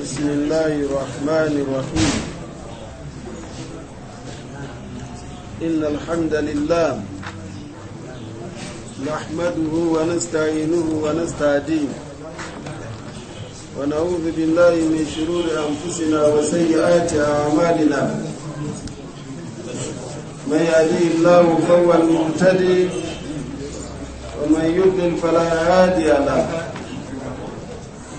بسم الله الرحمن الرحيم إن الحمد لله نحمده ونستعينه ونستهديه ونعوذ بالله من شرور أنفسنا وسيئات أعمالنا من يهديه الله فهو المهتدي ومن يضلل فلا هادي له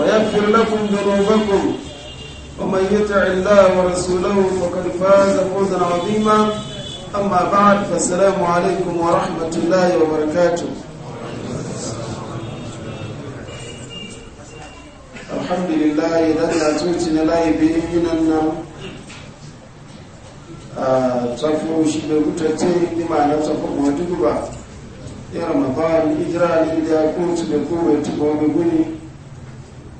ويغفر لكم ذنوبكم ومن يطع الله ورسوله فقد فاز فوزا عظيما اما بعد فالسلام عليكم ورحمه الله وبركاته الحمد لله الذي توتنا لا يبيننا tafi shi da rutacce ni ma'ana tafi mawadu ba ya ramadan hijira ne da ya kunci da kowai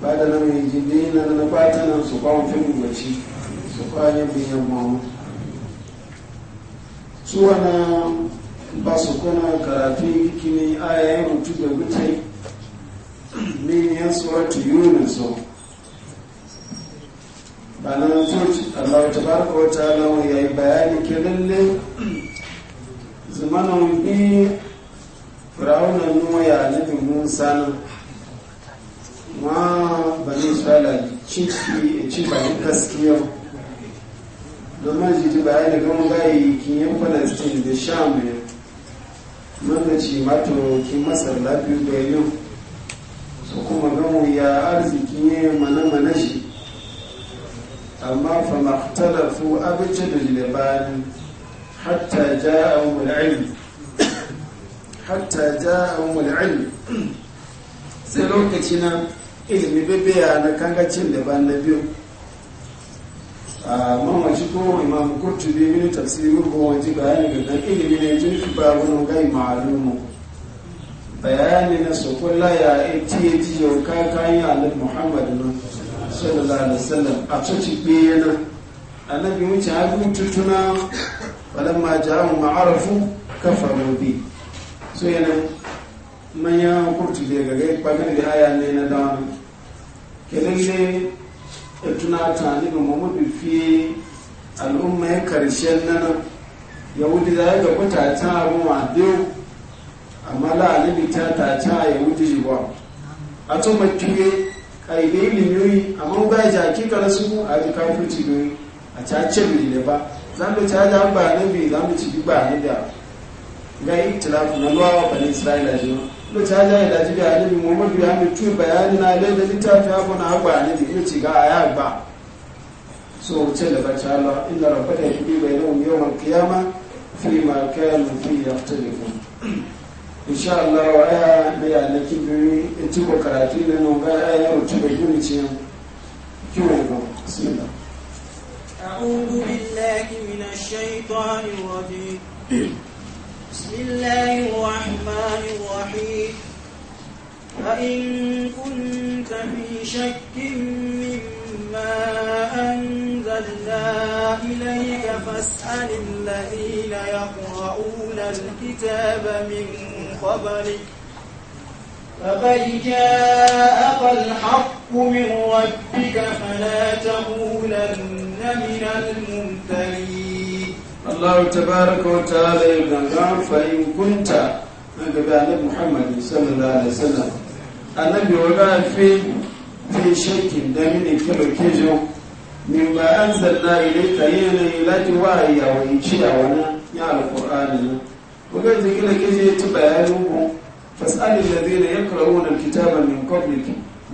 ba da na mai jide na na fata nan su kwan fin gwaci su kwanye biyan mamu su wana ba su kuna karatun kini ayayen mutu da mutu min yan suratu so ba na mutu allah ta baraka wa ta'ala ya yi bayani ke lalle zamanin bi firawunan nuwa ya nabi musa ma bani isra'ila ci bayan gaskiya domin jiri baya da gama gayi kin yan palestine da sham ne lokaci mato kin masar lafiya da yau su kuma gamu ya arziki ne mana-mana shi amma fa maktalafu abinci da jilibani hatta ja'ahum al hatta sai lokaci na ilimi bebe ya na kangacin ban na biyu a mamaci ko imam kurtubi mini tafsirin ko wajen bayani ga ilimi ne jin ba babunan gai ma'alumu bayani na sokola ya etiye jiyo kayan alif muhammadu na sallallahu alaihi wasallam a coci bayyana annabi wuce abin tutuna ma ja'ahum ma'arafu kafaru bi so yana manyan kurtubi ga gai bangare aya ne na dawana kelele ya tuna ta ne ga mamudu fi al'umma ya karshen nan yahudi za ya gaba ta ta ruwa biyu amma la'alibi ta ta ta yahudi shi ba a tun yi ƙaile limiyoyi amma ba ja kikar su a ji kafin cibiyoyi a cace bai da ba za mu caja ba ne bai zan mu ci ba ne da gari itilafu na lawa bani a ji lo ta ja ila a ga mu muhammad ya mutu bayani na le da litafi ha na agba a nidi ci ga a ya ba so ce da ba ta Allah inna rabbaka yahdi bainahum yawm yawan kiyama fi ma kanu fi ya fita da yaftalifun insha Allah wa ya da ya laki bi in ci ko karatu na nun ga ya yi ci ba gini ci kiwo ba su bismillah أعوذ بالله من الشيطان الرجيم بسم الله الرحمن الرحيم فإن كنت في شك مما أنزلنا إليك فاسأل الذين يقرؤون الكتاب من قبلك فقد جاءك الحق من ربك فلا تقولن من الممتلئين Allah tabaraka wa ta'ala ya ganga fa'in kunta na gaba na sallallahu alaihi wasallam annabi wa ga fi fi shakkin da mini kilo kejo min ba anzalna ilayka yana ilati wa ya wa ichiya wana ya alqur'ani wa ga zikira keje ta bayanu ko fas'al alladhina yaqra'una alkitaba min qablik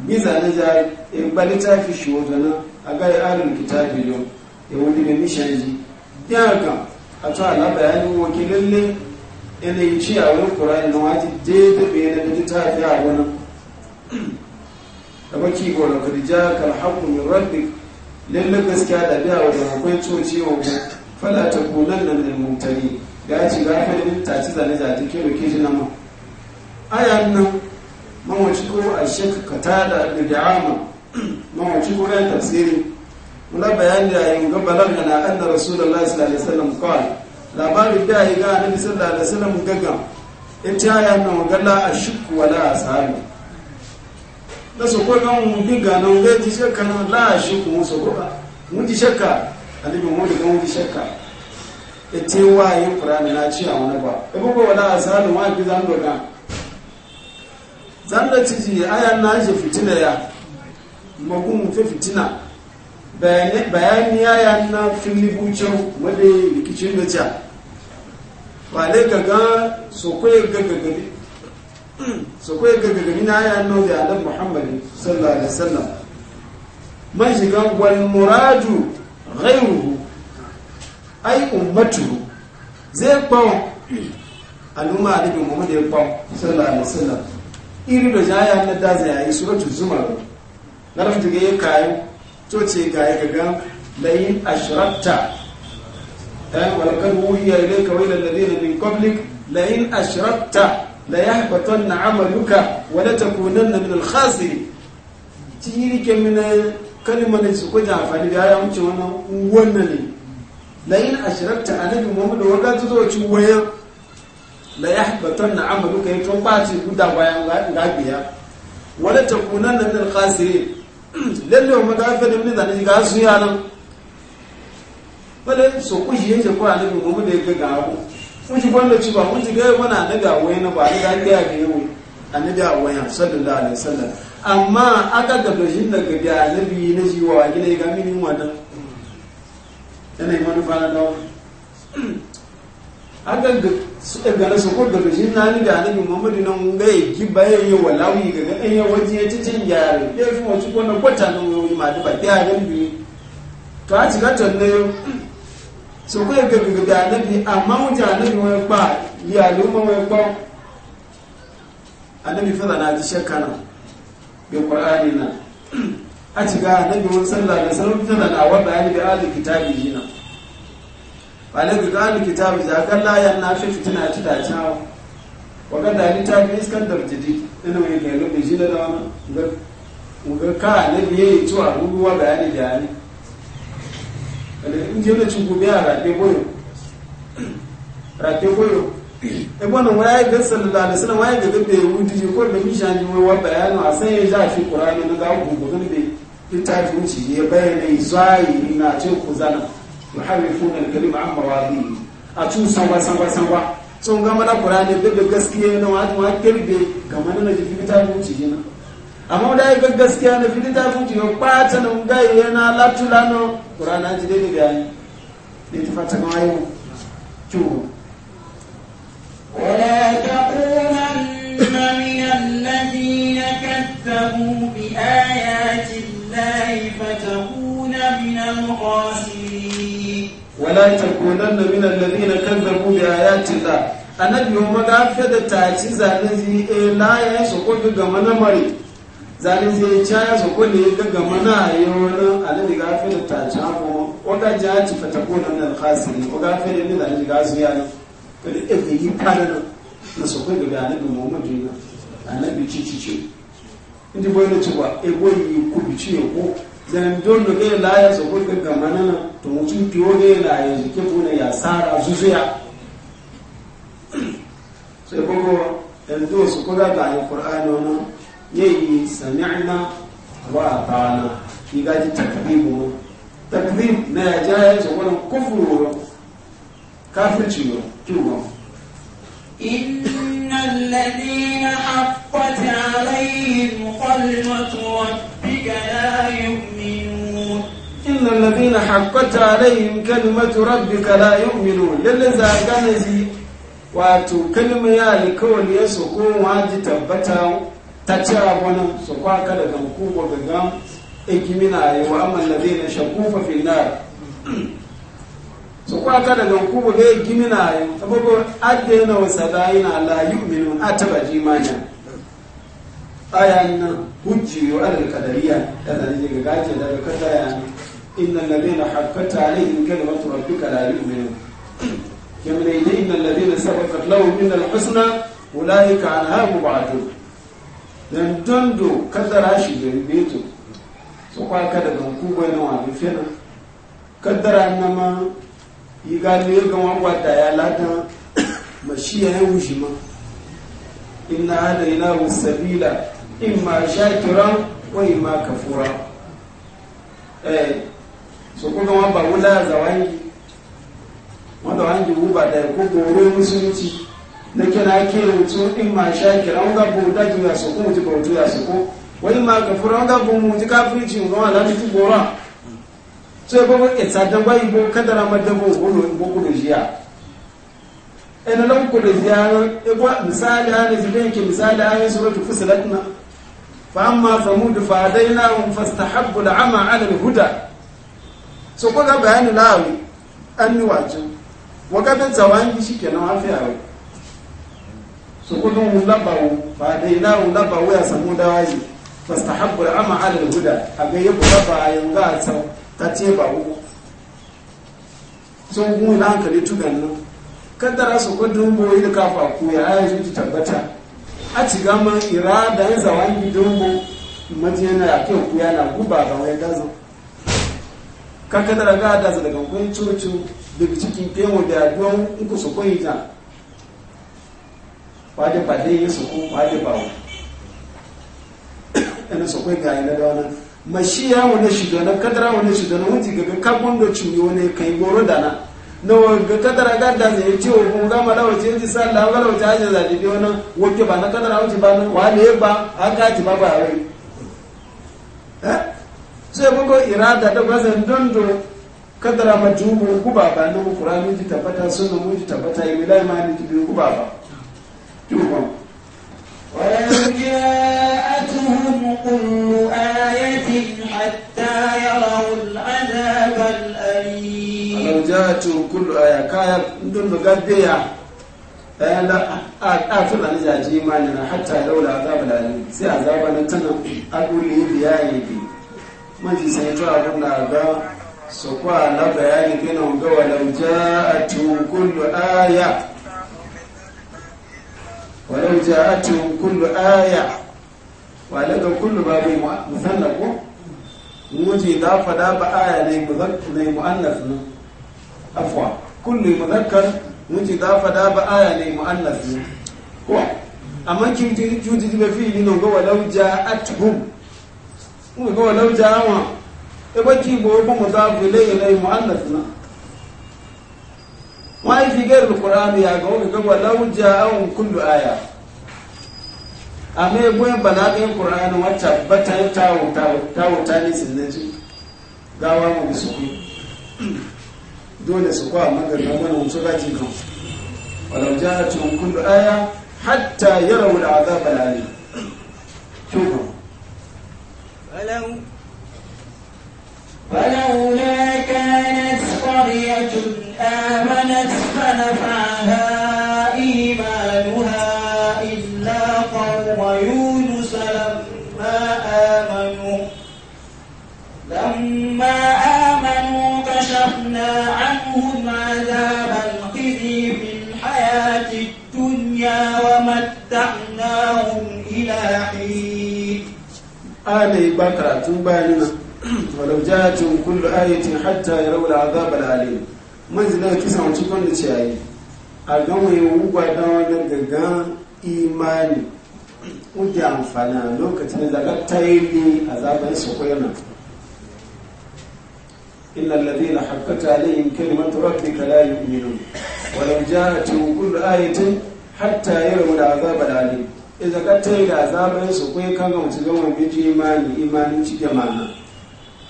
biza na ja in e balita fi shodana aga ya alul kitabi yo e wani da mishanji yaka a to ala bayanin wake lalle yanayin ciyawar da a wani da maki gona kadija kalhaku min gaskiya da biya wa akwai coci wa ku fala ta kunan nan da mutane ga ci ga filin ta ci zane zane ke nan ayan nan ko a ko ya tafsiri kula bayani da yin ga da na anna rasulullahi sallallahu alaihi da mukawar labarin da yi ga annabi sallallahu da wasallam gaga ita ya nan ga la ashku wala asabi da su ko gan mu diga nan ga ji shakka na la ashku mu so Mun ji shakka annabi mu diga mun ji shakka wa yin qur'ani na ci a wani ba Ya e ko wala sami wa fi zan doga zan da ciji ayan na ji fitina ya magun mu fi fitina bayani ya yi na filibucin wadda rikicin da ca wale gaga sokoyar gagagari na ya nau da alam muhammadu sallallahu alaihi wasallam man shiga wal muradu rairu ai umatu zai kwan al'umma a dubin alibi da ya kwan sallallahu alaihi wasallam iri da jaya na da zai yi suratul zumaru na rafi daga ya kayan to ce ga ya gagan layin ashirarta ɗan eh, walakar wuhiya ilai kawai da lalai lalina min kwamlik layin ashirarta da ya haifaton na amaluka wadda ta kunan na minal khasiri ci yi rike mina kalima na su kujan amfani da ya wuce wannan wannan ne layin ashirarta a nabi da wadda ta zoci wayan da ya haifaton na amaluka ya tun ba ce guda bayan gabiya wadda ta kunan na minal khasiri lalle wa ga fa na mun da ni ga ya nan wala so ku shi yake ko annabi da ga ga ku ku shi wanda ci ba mun ji ga na na ba ni ga ga ga a waya sallallahu alaihi amma aka na gina ga mini wannan yana fara akan ga su dangane su kurga da shi nani da annabi muhammadu nan ga ya ki bayan yi walawi ga ga ɗaya ya ci cin yare ya fi wasu kwanan kwata nan wuri ma duba ta yaren biyu to a cika tonne su kai ga ga da annabi amma wuce annabi wani ba ya luma wani ba annabi fada na ji shakana bi bai ƙwararri a cika annabi wani sallah da sarrafa da na wadda ya bi alin kitabi wale ga gani kitabu ja kan layan na fi fitina ci da Wa wagan da ta fi da jidi ina mai gano da shi da dama ga ka ne biye to a ruwa bayani da ne ale in je da cin gobe a rafe boyo rafe boyo e bona waye ga sallallahu alaihi wasallam waye ga gabe wudi ko da mishani wai wa ya a sai ya ja shi qur'ani na ga da ne ta fi wuce ya bayyana zai na ce ku zana. yuharrifun al-kalim an mawadihi a tun sangwa sangwa sangwa sun gama da qur'ani da gaskiya na wani wa kirbe kamar na jifi ta buci jina amma da ya gaskiya na fili ta buci yo kwata na ngai yana latulano qur'ani ji dai da yi ne ta fata kama yau kyau ولا تكونن من الذين كذبوا بآيات الله فتكون من الخاسرين wala takunanna min alladhina kazzabu bi ayati Allah annabi mu ga fada ta ci zane ji e la ya su ko ga mana mari, zane ji cha ya su ko ne ga ga mana ayyona annabi ga fada ta ci abu o ga ja ci fata ko nan al khasiri o ga fada ne zane ji ga su ya ne to da e yi fara na so ko ga annabi Muhammadu annabi ci ci ci ndi boye ne ci ba e boye ku bi ci ko dan don da kai la ya so ko ga kamana to mutum ki woge la ya ji ke tuna ya sara zuzuya sai ko dan do su ko ga ga qur'ani wannan yayi sami'na wa ata'na ki ga ji takdibu takdib na ya ja ya so wannan kufru kafirci ne kiwo إن الذين حقت عليهم كلمة ربك لا يؤمنون inna alladhina haqqat alaihim kalimatu rabbika la yu'minun lalle za ji wato kalma ya alkawali ya soko waji tabbata ta ci abona su kwaka daga hukuma gaga ikimina yi wa amma alladhina shakufa fi nar su hukuma ga ikimina adena wa sadaina la yu'minun atabaji da ga gaje إن الذين حقت عليهم كلمة ربك لا يؤمنون كمن إن الذين سبقت لهم من الحسنى أولئك عنها مبعدون dan dondo kaddara shi da rubeto su kwaka kada banku bai na wani fena kaddara na ma yi gano yin gama wadda ya lata mashi ya yi ma inna hada ina shakiran ma kafura so kuka wọn ba wula za wangi wanda wangi wuba da ko goro musulunci na kira ke rutu in ma sha kira an ga daji ji ya so ko mutu bautu ya su ko wani ma ka fura an ga bu mutu kafirci ga wala mutu gora so ya babu etsa da bai bo kadara ma da bo goro bo goro jiya ina nan ku da ziyara ebo misali ana zidan ke misali ana su fusilat na fa amma famud fa adainahum fastahabbu al'ama 'ala al-huda so ko ga bayani lawi an ni wajin waga bin zawangi shikenan an fi yawo so ko dun labawo ba dai na labawo ya samu dawaji fastahabbu al'ama 'ala al-huda aga yabo a yanga ta ce ba wu so gun na hankali tugan nan kaddara su ko dun da kafa ku ya ayyar su tabbata a ci gama irada zawangi dumbo majiyana ya kai ku yana guba ga wani gazo kaka da raga da daga kun cucu daga cikin kewa da don uku su kun ita wadda ba dai yi su kun wadda ba wa yana su kun gaya na da wani mashiya wani shiga na kadara wani shiga na wuce gaga kabon da cuni wani kai goro da na na waga kadara gada ya ce wa kuma gama da wace yanzu sa da wani wace hajji zaɗi da wani wake ba na kadara wuce ba na wane ba haka ci ba ba a wai eh? sai bugo irada da bazan dondo kadara majubu guba ba nan qur'ani ji tabbata sunna mu ji tabbata ma imani ji ku baba ba tuba wa ja'atuhum kullu ayatin hatta yarawu al'adab al'alim law ja'atuhum kullu aya kaya dondo gaddeya ya da a da na jaji imani na hatta yarawu al'adab al'alim sai azaba na tana a dole biya yi manji ta to da ga Su ko na bayani kina ga walau a kullu aya walau a kullu aya wala ga kullu babu musamman ko muji da ba aya ne muannas ne afuwa kullu muzakkar muji da ba aya ne muannas ne ko amma kin ji ji ji ba fi ni no ga mu ga walau jawa e baki bo ko mu za bu lai lai muallaf na wai fi gar alquran ya ga mu ga walau jawa kullu aya amma e bo bala ga alquran wa ta ne su gawa mu bi su dole su kwa magana mana kan walau kullu aya hatta shukran ولو ولولا كانت قرية آمنت فنفعها إيمانها إلا قوم يونس لما آمنوا لما آمنوا كشفنا عنهم عذاب الخزي في الحياة الدنيا ومتعناهم إلى حين ana ba karatu bayanin nan walau ja'atun kullu ayatin hatta yarawul azab alalim man zina kisa wanci kon da ciyayi a ga mai wugwa da wannan gaga imani kuke amfana lokacin da ta yi su إلا الذين حقت عليهم كلمة ربك لا يؤمنون ولو جاءتهم كل آية حتى يروا العذاب العليم iza ka taida zaman su kai kan ga mutu gawan biji imani imanin ci jama'a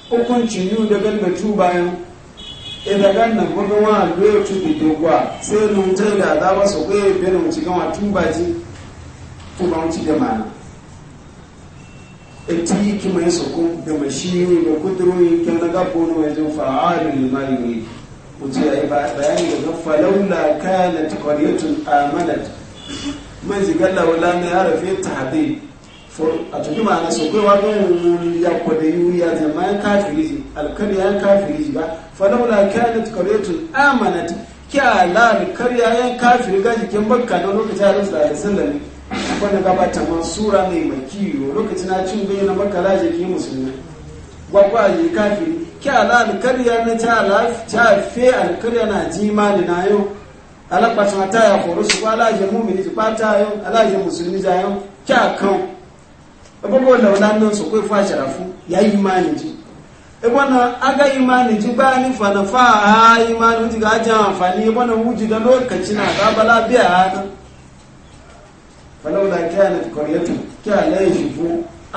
hukunci yu da gan da tu bayan iza gan nan gobe wa loyo tu bi dogwa sai nun taida zaman su kai bin mutu gawan tu baji tu ba mutu jama'a eti ki mai su da mashini da kudurori na falaula amanat man shiga laula mai harafi tahdid a cikin ma'ana su kai wa wuri ya kwada yi ya zama ya kafi riji alkari ya kafi riji ba falaula kanat qaryatun amanat kya la alkari ya kafiri riga jikin bakka da lokacin Allah sallallahu alaihi wasallam wanda gabata mansura mai makiyo lokacin na cin bayyana bakka jiki musulmi gwagwa yi kafi kya alkari ya na ta fe alkari na ji na yau alápàtàn àtàyà kò rọ́sù pé aláàjẹ múmìnì ti pátá ayọ́ aláàjẹ mùsùlùmí ti ayọ́ kí àkàn ẹgbogbo lọ́wọ́lá ń lọ sọ pé fún àṣàrà fún yá ìmáàni jí ẹgbọ́nà agá ìmáàni jí bá ní fànàfà àá ìmáàni ti gájá àǹfààní ẹgbọ́nà wújì dán lókàcí náà gábálá bí àádá falawla kanat qaryatun kana yajibu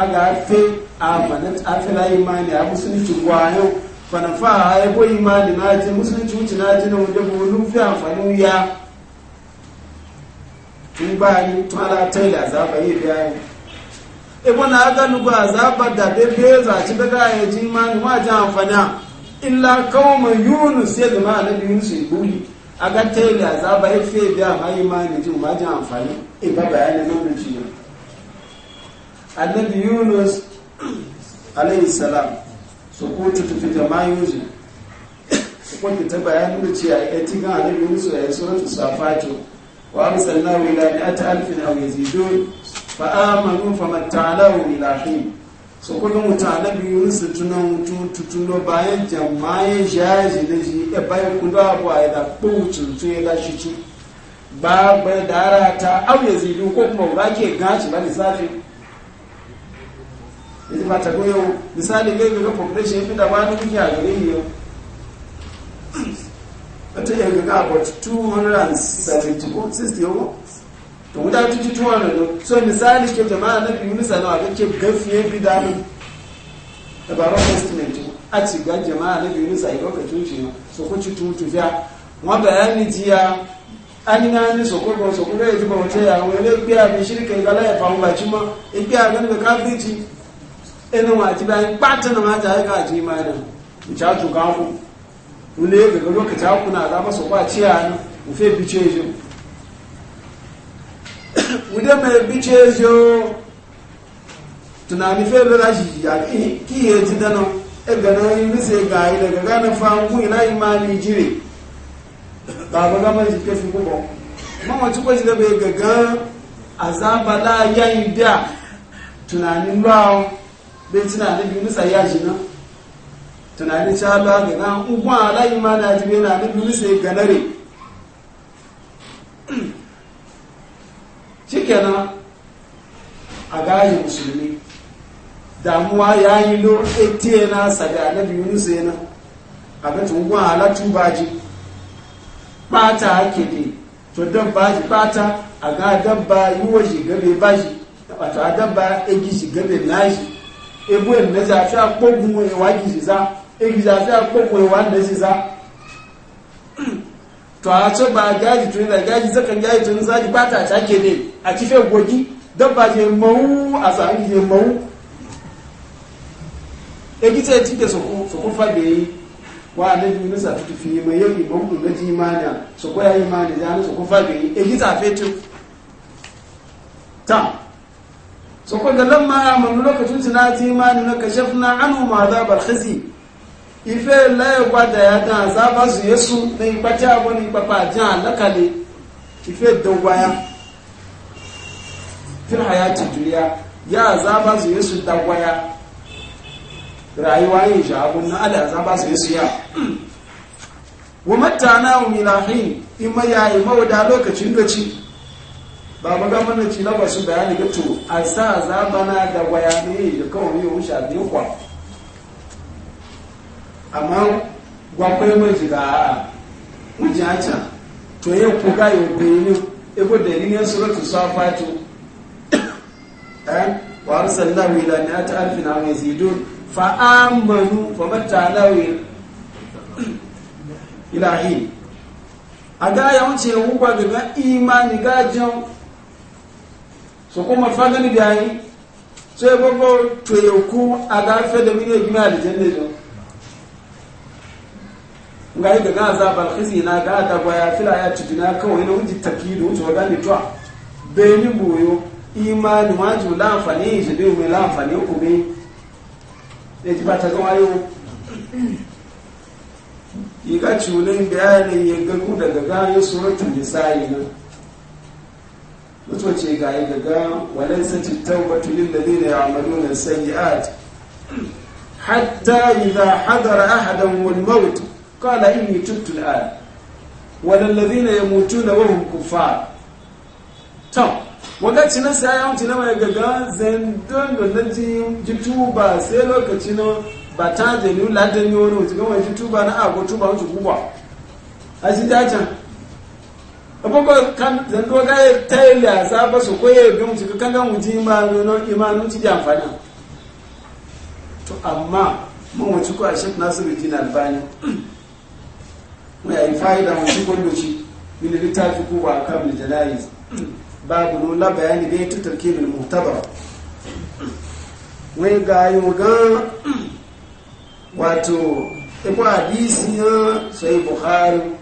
aga fe amana afila imani abusunci gwayo fanafa a yabo imani na ji musulunci wuce na ji na wunde bulu fi amfani ya tun ba ni tun ala taila za ba yi biya yi ebo na aga nugu a zaba da da bebe za ci daga ya ji imani ma ji amfani a. illa kawma yunus ya na alabi yunus ya buli aga taila za ba yi fiye biya ma imani ji ma ji amfani e ba bayanin nuna ciyo annabi yunus alayhi salam su ta tututu mayu ji su kwanke ta bayanin da ce a yati gan annabi yunus ya yi suratu safatu wa arsalna ila mi'ati alfin aw yazidun fa amanu famata'alahu ila hin su kullum mutu biyu yunus tunan mutu tutuno bayan jama'in jaji na shi ya bayan kudu abu ya da kowucin su ya lashi ci ba bai dara ta aw zido ko kuma wura ke gaci ba lissafi yanzu ba ta goyo misali ne ga population fi da ma ni kike a gare ni yau ta yi ga about 260 yau to guda 200 so misali ke jama'a na biyu nisa nawa kake gafiye fi da mu dabarun estimate a ci ga jama'a na biyu nisa idan ka tunce so ko ci tutu ya wọn bayani jiya an na ni so ko ba so ko ya ji ba wata ya wani biya bi shirka ga la ya famu ba ci ma in biya ga kafirci enuwa wọn àti báyìí na máa tàí káàkiri máa dàn ìcháàtù káàkù wọlé gẹ̀gẹ̀ lókàtí ákù náà àtàkọ́ sọ̀kọ́ àti àánú òfé bí ṣe ṣe wùdé mẹ́rin bí ṣe ṣe tunani fe lọ́la shi yà kí yẹ ti dáná ẹgbẹ̀ náà ibi ṣe gà ilẹ̀ gẹ̀gẹ̀ náà fa ń kú bai tuna da biyu nisa ya shi nan tunanin ta halwa ga nan ugwa alayi ma na jibe na da biyu nisa ya ganare shi na a gayin musulmi damuwa ya yi lo ete na saga na biyu nisa ya nan a ga tungun halatu baji bata ake ne to dabba ji bata a ga dabba yi wa shi gabe ba shi ta dabba ya gi shi gabe na shi ebu ẹ̀nẹ́sì àti àpógun ìwà gìzìzá egìzì àti àpógun ìwà nẹ́sìzá to a ba gaji tuni da gaji zakan gaji tuni gogi dabba je mawu a sami je mawu e kufa da wa annabi musa ta tafi mai yau imam ku gaji imana su koya imani da su kufa da yi e gita ta so ko lamma ya manu lokacin su na ti imani na na anu ma za bar hazi ife la ya gwada ya dan za ba su yesu na ipati abu ni papa jan lakale. ife dogwaya fil hayati dunya ya za ba su yesu dagwaya rayuwa yin shabun na ala za ba su yesu ya wa matana na umilahi ima ya ima da lokacin gaci ba magama na ci laba su bayani ga to a sa zabana da bayani ya kawo yi wuce a biyu kwa amma gwakwai mai jiga a mujin haca to yi kuka yi bayani ego dalilin suratul safatu eh wa arsalna ila mi'ati alfin aw yazidun fa amanu fa matana ila a ga yawanci yawon kwa daga imani gajen so kuma fagani da yi sai gbogbo toyoku a gafe da mini a alijan ne don ga yi gaga za balkhizi na ga da ya fila ya ci na kawai na wunji taki da wuce wadda ne tuwa benin boyo imani waju láǹfààní ìṣèlú ìwé láǹfààní òkùnrin ẹjì bá tàbí wáyé o ìgbà tí ó lè ń bẹ̀rẹ̀ yẹ gẹ́gùn dàgbàgbà yóò sọ́rọ̀ tàbí sáyé nan mutu ce ga yi gaga walai sace taubatu lil ladina sanyi sayyi'at hatta idha hadara a ahadan wal in yi tuttun tubtu al an ya mutu na wa kufa ta to wakati na sai an na mai gaga zan don don ji jituba sai lokaci na ba ta da ni ladan yono ji ga wani jituba na agotu ba wuce guba a ji dajan ko kan zando ga ta ila za ba su koye ga mu cikin kan mu ji imanu no imanu ci da amfani to amma mun wuce ko a shek nasiru din albani mu yayi fa'ida mu ci kullu ci min litafi ku wa kam jalaiz babu no la bayani bai ta tarkibul muhtaba wai ga yi ga wato ibu hadisi ya sai bukhari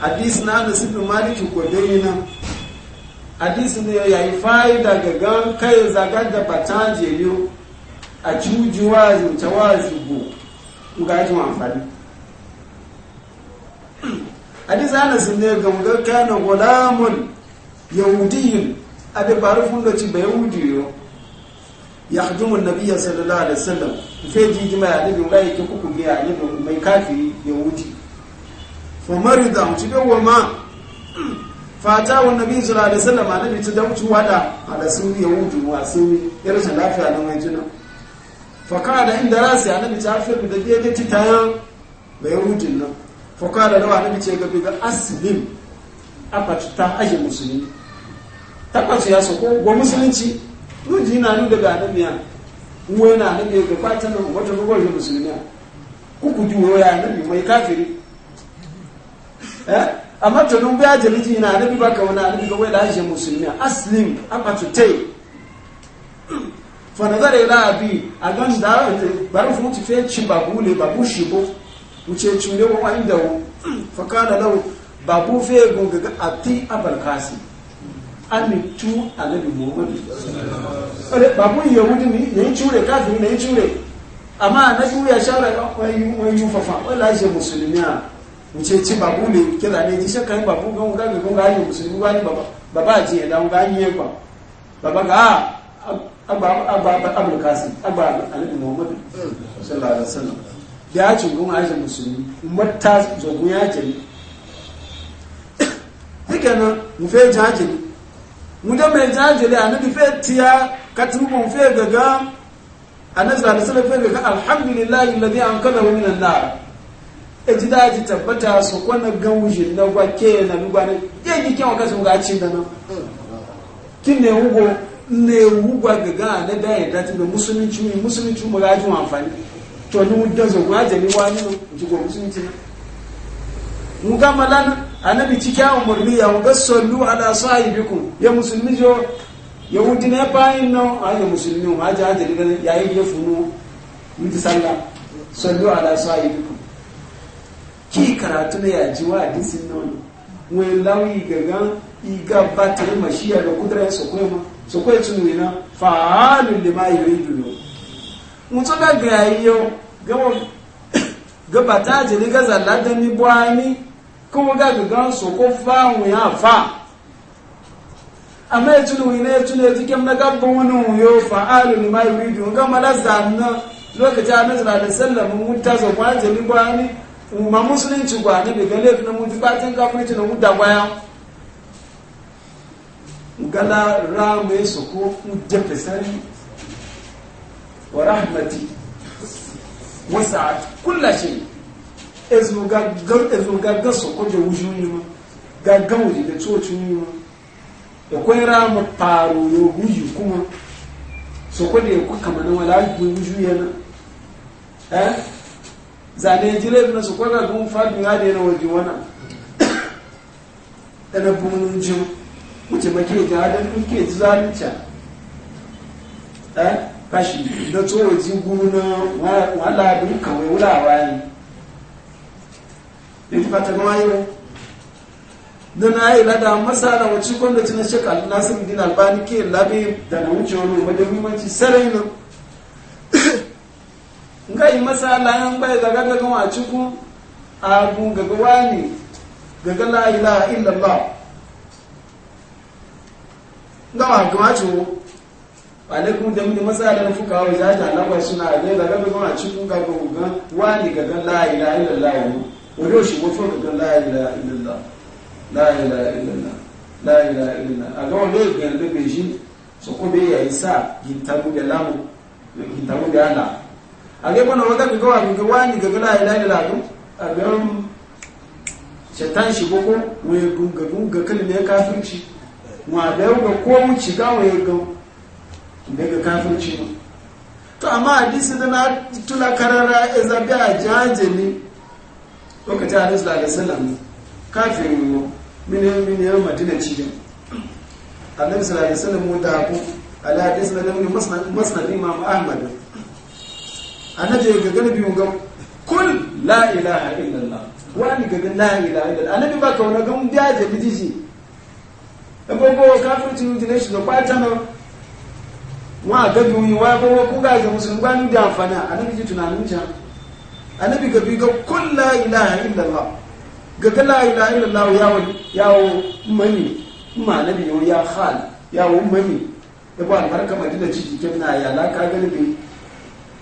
hadis na anas ibn malik ko dai nan hadisi ne ya yi faida ga gan kai zagar da batan jeliyo a cuju wazi ta wazi go ga ji amfani hadisi anas ne ga ga kana gulamun yahudiyin a da da ci bai yahudiyo yahdumu nabiyya sallallahu alaihi wasallam fe ji jima'a nabi ulai ke kuku biya ne mai kafi yahudi ومرض cikin wama fata wa nabi sallallahu alaihi wasallam annabi ta da mutu wada ala suri yahudu wa suri irin sa lafiya da mai jina fa kada inda rasi annabi ta fi da ke ta tayan mai yahudin nan fa kada da annabi ce ga biga aslim apa ta aje musulmi tabbaci ya so ko go musulunci ruji na nu daga annabi ya uwe na annabi ga kwatan wata ruwa musulmi ku ku ji ya annabi mai kafiri Eh? amma to dun baya na nabi wani alibi ga wai lahi musulmi aslim amma to tai fa nazar ila abi agan da eh, baru fu ti fe ci babu le babu shibo uce chule wa wanda fa kana babu fe gunga ga ati abal qasim ani tu anabi muhammadu ale babu yahudi ni ne chure kafiri ne amma anabi ya shara wa wuce ci babu ne kira ne ji shakka yi babu gan wuga gaban ga gani musulmi ba ni baba baba ji ya damu ga hanyar ba baba ga ah, agba abul kasim agba alibi muhammadu sallallahu alaihi wasallam da ya cin goma ajin musulmi mata zogun ya ce ni duka na mu fe ni mu da mai jajeli a nabi fe tiya katubu mu fe gaga a nasarar salafin gaga alhamdulillahi lalzi an kada wani nan nara eji daji tabbata su kwana gan wujin na gwake na lugbanin ya yi kyan wakasin ga ci da nan kin ne hugo ne hugo ga ga na da ya dati da musulunci mai musulunci mu ga jin amfani to ni mudan zo ga jami wani no ji go musulunci na mu ga malan annabi ci mu umurni ya ga sallu ala sahibikum ya musulmi jo yahudi ne bayin nan a ya musulmi ma ja da ya yi ya funu mu ti sallah sallu ala sahibikum ki karatu na ya ji wa hadisin nan wani lawi gagan iga batar mashiya da kudurar sokwai ma sokwai tunu na fa'alun lima yuridu no mutu ga gayo gama gaba ta jini gaza ladan ni buhari kuma ga gagan soko fa'un ya fa amma ya tunu na ya tunu ya tuke na gaban wani wuyo ma lima yuridu gama lazan na lokacin annabi sallallahu alaihi wasallam mun ta sokwai jini buhari ma musulunci gwa ne bai gan laifin na mutu batin kafirci na mutu dagwaya gala ramu ya soko jefe sani wa rahmati wasa kulla shi ezu gaggan soko da wujin yi ma gaggan wujin da cocin yi ma da kwai ramu faro ya wuyi kuma soko da ya kuka mana wala wujin yana eh zane jile na su kwaga gun fadi ya da yana waje wana dana bunin jin wuce make ta hadar duke zalunca ɗan eh, kashi da tsoro ji na wala abin kawai wula wayi ne ta ta yi yau don na yi lada masala wacce kwanda tunan shekaru nasiru din albani ke labe da na wuce wani wajen mimanci sarai nan nga yi masala yan bai daga daga wa ciku abu gaga wani gaga la ilaha illallah nga wa gama ne kuma da mu masala da fuka wa jaja na ba suna ne daga daga wa ciku gaga wa ne gaga la illallah ne wani shi ko gaga la illallah la illallah a ga wani gaga bai shi sa da lamu age bana waga mi gawa mi gawa ni gaga la ilaha illa allah abin shaitan shi boko we gunga gunga kalme kafirci wa da ga ko mu ci ga we ga daga kafirci ne to amma hadisi da na tula karara izabi e a jajeli lokacin hadisi da alisalam kafin mu minin miniyar madina ci ne annabi sallallahu alaihi wasallam da ku ala hadisi da namu masnad imam ahmad Ana je ga gani biyu ga kul la ilaha illallah wani ga gani la ilaha illallah annabi ba ka wani gan biya je biji shi e gogo kafirci mutune shi da kwata na wa ga biyu wa gogo ku ga ga musulmi ba ni da amfani annabi ji tunanin ta annabi ga biyu ga kul la ilaha illallah ga ga la ilaha illallah ya wani yawo mani ma annabi ya khal yawo mani e ba albarka madina ciki kemna ya la ka gani biyu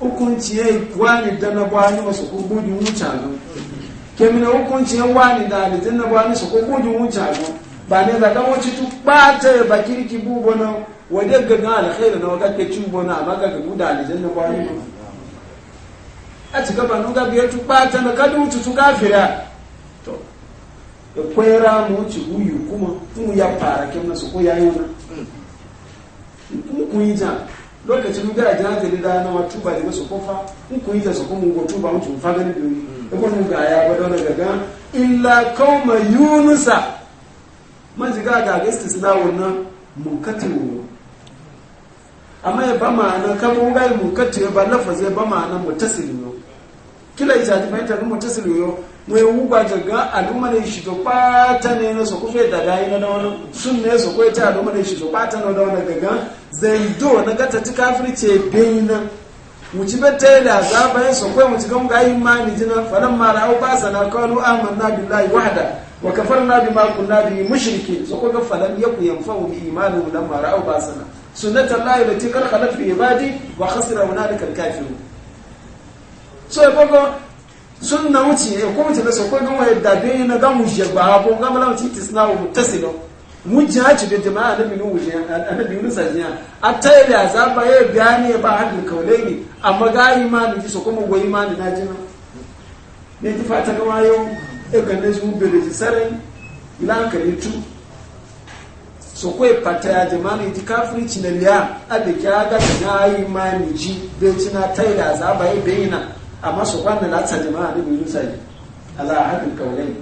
hukunci ya yi wani da na bani masu kogogin wuce alu kemina hukunci ya wani da alitin na bani su kogogin wuce alu ba ne zaga wacce tu bata ya bakiri ki bubo na wadda gagan alkhairu na wadda ke cubo na amma ga gabu da alitin na bani ma a cika ba nuga biyar tu na kada wuce tu to kwera mu wuce huyu kuma mu ya fara kemina su ko yayi wani hmm. kun kun yi jan lokacin da ajina ta da na watu ba masu kofa in kun yi ta kuma mun gotu ba mutum fa gani biyu da kun mun ga ya gwada wani gan illa kauma yunusa man jiga ga su sila wannan munkatu amma ya ba ma'ana kama ga munkatu ya ba lafazi ya ba ma'ana mutasili yo kila ita ta fahimta mutasili yo mai wuba daga a da shi to kwata ne na soko fe da dayi na wani sun ne soko ya ce al'umma da shi to kwata na wani daga do na gata ci kafiri ce bai na muci bata da za bayan soko muci gamu yi ma ni jina fadan mara ra'au ba sana kalu na billahi wahda wa kafarna bima na bi mushriki soko ga ku yamfa wa bi imanu mara ra'au ba sana da lati khalqat fi ibadi wa khasira hunalika al-kafirun so ibogo sun na wuce ya kuma ce basa kwa gama yadda bin na ga mu je ba ko ga mala wuce ti suna wa ta sino mu je ha da jama'a na binu wuce annabi binu sajiya a ta yi da za ba biya ne ba hadin kaulai ne amma ga da ji so kuma goyi imani na ne ta fata ga yau ya ga ne su bele ji sarai ila ka tu su kwa fata ya jama'a ji kafin na liya a da kya ga na imani ji bai ci na ta yi da za ba ya na. amma su kwanna na tsa jama'a ne biyu sai ala hadin kaulai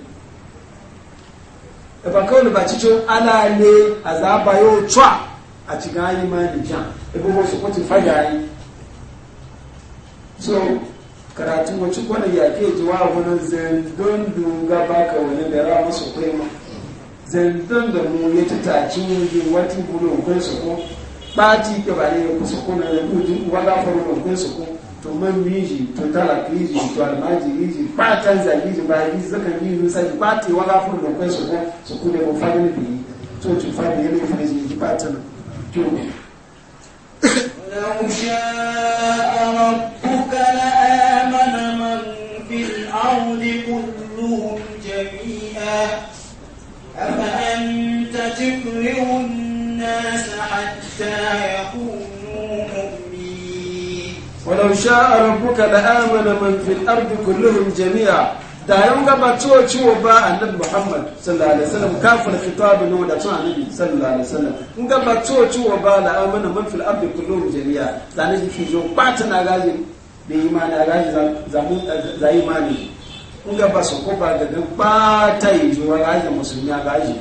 da ba kawai ba cikin ala ne a zaba yau tsa a cikin yi ma ne jan da kuma su kwatin fada yi so karatu wacce kwanan ya ke jiwa wani zandon duga ba ka wani da ra masu kai ma zandon da mu ya ta taci yi wata gudu kai su ko ɓati ke ba ne ya kusa kuna ya kudu wa gafaru kai su ko to man miji to talaki ji to almajiri ji patan zagi ji ba ji zaka ji nu sai da kweso ko su ku da mu fadin bi to ci fadin ne fadin ji patan to law ولو شاء na gaji a gaji zamu a gaji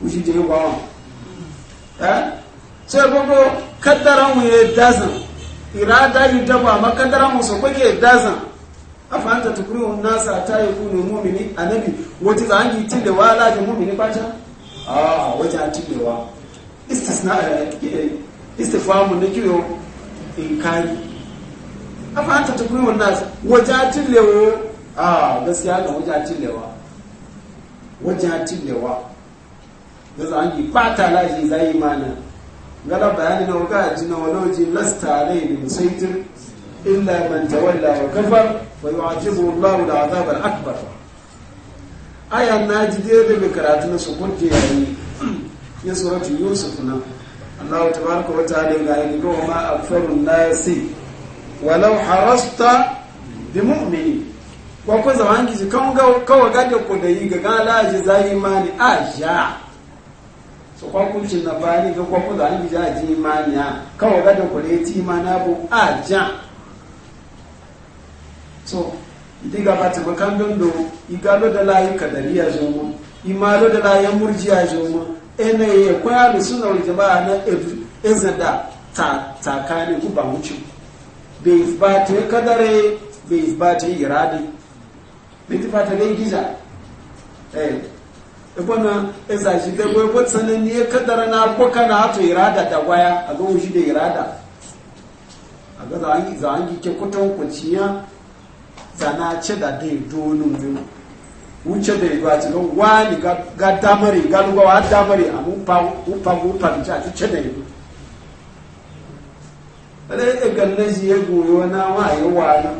kushi je ba eh irada yi ba makadara musu kuke dazan a fahimta tukurin nasa ta yi kunu mumini a nabi wata za a yi wala da mumini fata a wata tilewa istisna istifamu na kiyo in kari a fahimta tukurin nasa wata wa. a gaskiya ga wata tilewa wata tilewa da za a yi bata lajin zai mana gada bayani na waka ji na waloji lasta alai ne musaitin illa man tawalla wa kafar wa yu'ajibu Allahu da azabar akbar aya na ji dai da karatu na su yayi ya suratu yusuf na Allah tabaraka wa ta'ala ga yi ko ma akfarun nasi walau harasta bi mu'mini ko ko zamangi kan ga ko ga da ko da yi ga ga ji zai imani so kwa na bani ga kwa kuza an bija ji imani a kawo ga da kure ti imani abu a ja so diga ba ta bakan dondo igalo da layi kadariya jomo imalo da layan murjiya jomo ene ye kwa alu suna wal jamaa na ezada ta takani ku ba mucu bai ba ta kadare bai ba ta iradi bai ta ta giza eh ibana isa shi da goyi ko ni ya kadara na kwaka na to irada da waya a zo shi da irada a ga za an yi za an ke kutan kuciya zana ce da dai donin mu wuce da riba ci ga wani ga damari ga lugawa wa damari a mupa mupa mun fa ci a ci ce da riba ala e ganna shi ya goyo na wa yi wa na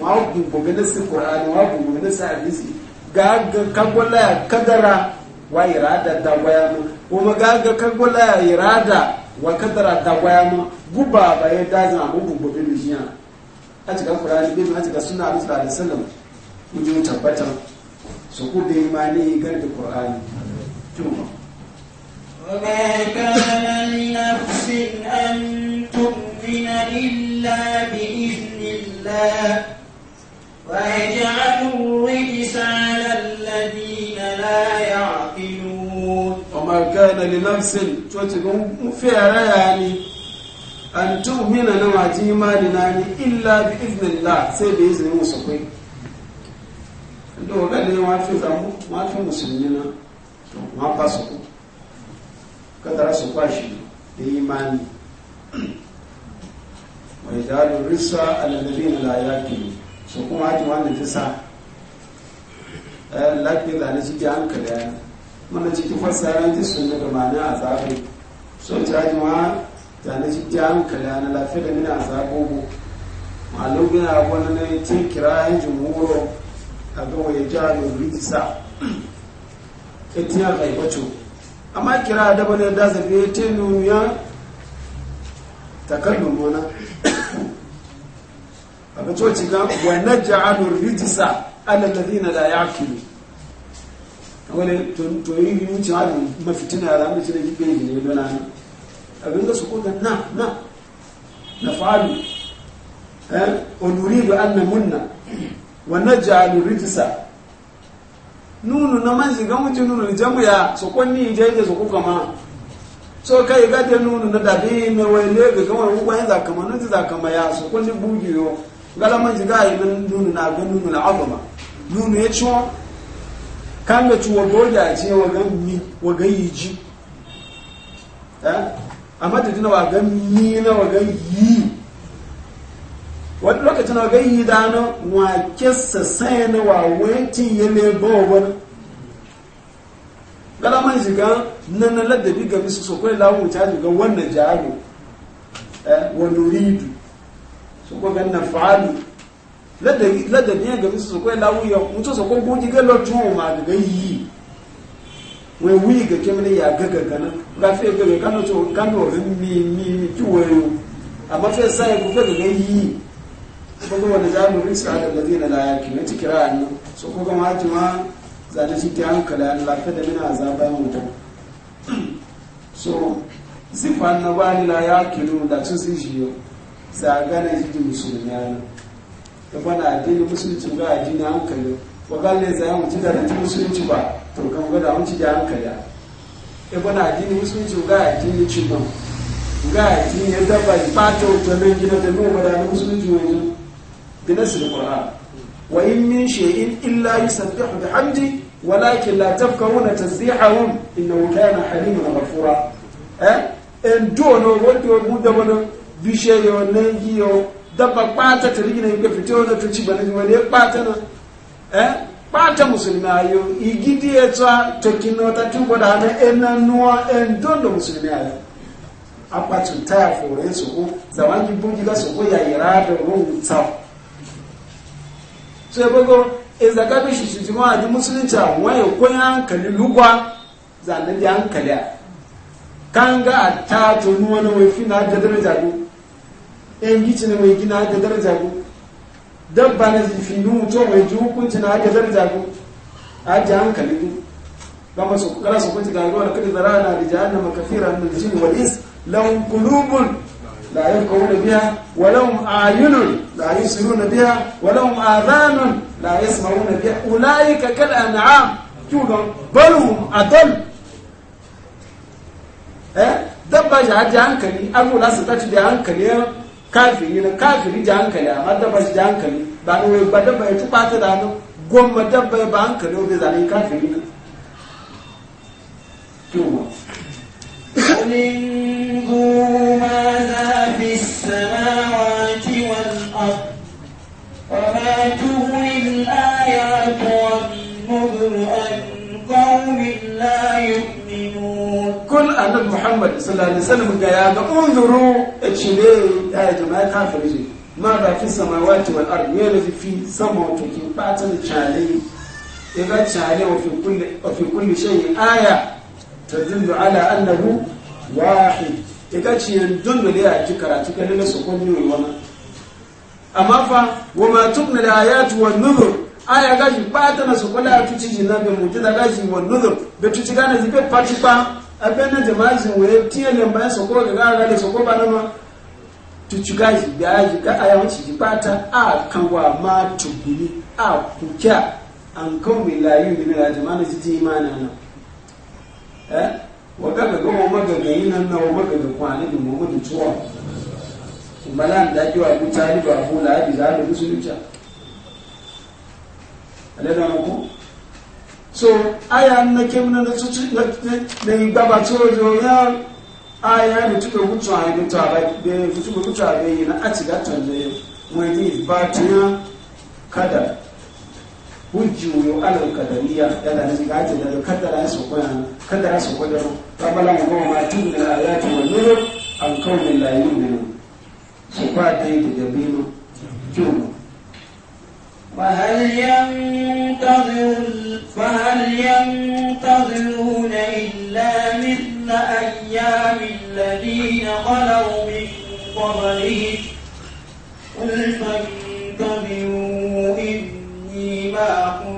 ma ku gobe na su qur'ani ma ku gobe na su hadisi gaga kagola ya kadara wa irada da gwayama kuma gaga ga ya irada wa kadara da gwayama guba ba ya dazin abu gugu bin jiya a cikin kurani bin a cika suna musu da sallam mun tabbatar su ku da imani gari da kurani kuma وما كان لنفس أن تؤمن إلا بإذن الله ويجعلوا الرجس على الذين لا يعقلون وما كان لنفس توتكم في يعني أن تؤمن نوع إيماننا إلا بإذن الله سيبإذن موسى ndé wọn bẹ́ẹ̀ ni wọ́n fi zamu ma fi mùsùlùmí náà tó wọ́n bá sọ̀kọ́ kẹtàrà sọ̀kọ́ àṣìlò su máa ń ní wọ́n ìdá lórí sọ alẹ́ lẹ́bí ìlà so kuma hakin wanda ta sa eh, da zane ciki hankali ya mana ciki fasaran ta sun daga mani a zafi so ta ma ta zane ciki hankali ya na lafi da mina a zaɓogo malum yana wani na tin kira yin jimuro a ga wuri ta sa ita ya kai bacho amma kira da bane da zafi ya ta ya takallum a ga coci ga wani ja'alur rijisa alalladina la ya'qilu wani to yi yi wuce hadu mafitina ya ramu shi da gbe ne don ana abin da su kuka na na na faru eh onuri da anna munna wa naj'alu rijsa nunu na manzi ga mu nunu jamu ya so konni je je so kuka ma so kai ga da nunu na dabi ne wai le ga kamar uwa yanzu kamar nan za kama ya so konni bugiyo gala man jiga yi bin nunu na ga nunu na agama nunu ya ciwon kan da ciwo a ce wa ga yi ji eh? a madadin wa ga na wa gayi. yi wani lokacin wa gayi yi dano wa kesa sai na wa wenti ya lebo wani gala man jiga nan na ladabi ga bisu so kai lawo ta jiga wannan jaro eh? wani ridu su ko ganna fa'alu ladabi ladabi ga misu su ko lawuyo mutu su ko buji ga lotu ma ga yi we wi ga kemne ya ga kana ga fe ga kana to kano mi mi ti wayo amma fe sai ku fe ga yi ko ga wanda zamu risa da ladina la yakin ti kira annu su ko ga majima za ta ci ta hankali Allah kada muna azaba mutum so zifan na bani la yakin da su si jiyo. sagana jiji musulmi yana da bana addini musulunci ga addini kayo wa galle za mu ci da musulunci ba to kan ga da mu ci da hankali e bana addini musulunci ga addini ci ba ga addini ya dabba pato to nan gina da mu da musulunci wani gina su da qur'an wa in min shay'in illa yusabbihu bihamdi walakin la tafkaruna tasbihahum innahu kana halimun ghafura eh en dono wonto mu da wannan bishiyoyi wannan giyo dabba ɓata ta rigina ga fito na tuci ba na ji wani ɓata na eh ɓata musulmi ayo igidi ya tsa ta kino ta tubo da hannun ɗan nuwa ɗan don musulmi ayo a ɓacin taya foren su ko zaman gibin gida su ko ya yara da ruwan tsawo so ya bago e zaka bishi shi jima'a di musulunci a wani kwanye hankali lugwa zanen da hankali a Kanga ga a tato nuwa na wafi na da daraja duk in gici mai gina haka daraja ko dabba na zifinu mutum mai ji hukuncin na haka daraja ko a ji hankali ko ba masu kara su kunci gagawa da kudi zara na da jahannama kafira min jin wal ins lahum qulubun la yafqahuna biha wa Da ayunun la yusiruna biha wa lahum adhanun la biya ulayi ulaika kal an'am tugan bal a adall eh dabba ji hankali abu da su tafi da hankali eh? kafiri na kafiri da hankali amma dabba shi da hankali ba ni wai ba dabba ya ci bata da hannu gwamma dabba ba hankali wai zane kafiri na kyuwa قل goma ماذا في السماء annabi muhammad sallallahu alaihi wasallam ga ya ga unzuru ecile ya jama'a kafiri ma da fi samawati wal ardi ya lafi fi sama to ki patan chale ya ga chale wa fi kulli wa fi kulli shay aya tadullu ala annahu wahid ya ga ci dundu da ya ji karatu kan na su kunni wannan amma fa wa ma tubna al ayat wa nuzur aya gaji pata na sokola tuci jina be mutu da ga gaji wa nuzur be tuci gane zibe patipa abẹ́nà jẹmáàzì wọ́n tí ẹlẹ̀ báyìí sọ́kọ́ rẹ̀ rárá lè sọ́kọ́ bá náà tutu gáyì gáyì ká ayáwọn ti pátá àkànwà máa tògbì ní àkùkẹ́ àǹkan wìláyé mìíràn jẹmáàzì títí máa nà nà ẹ́ wọ́n gàgà gbọ́ wọn mọ́gàgà yìí náà náà wọ́n mọ́gàgà kan ni wọ́n mọ́gàgà tó wà ìgbàlá ìdájọ́ àbúta nígbà fún làábì láàbì lóṣù níjà wọ́n so aya na kemna na tutu na igbaba tí ó ya aya ni tupe mutu a ibi to aba be tupe mutu a be na ati ga tan je wọn ni ba tiya kada hujji yo ala kadariya ya da ni ga ta da kadara su ko ya kadara su ko da bala mu ma tun da ayati wa nur an kawmi la yu'minu su ba dai da dabino kyau وهل ينتظر فهل ينتظرون إلا مثل أيام الذين خلوا من قبلهم قل فانتظروا إني معكم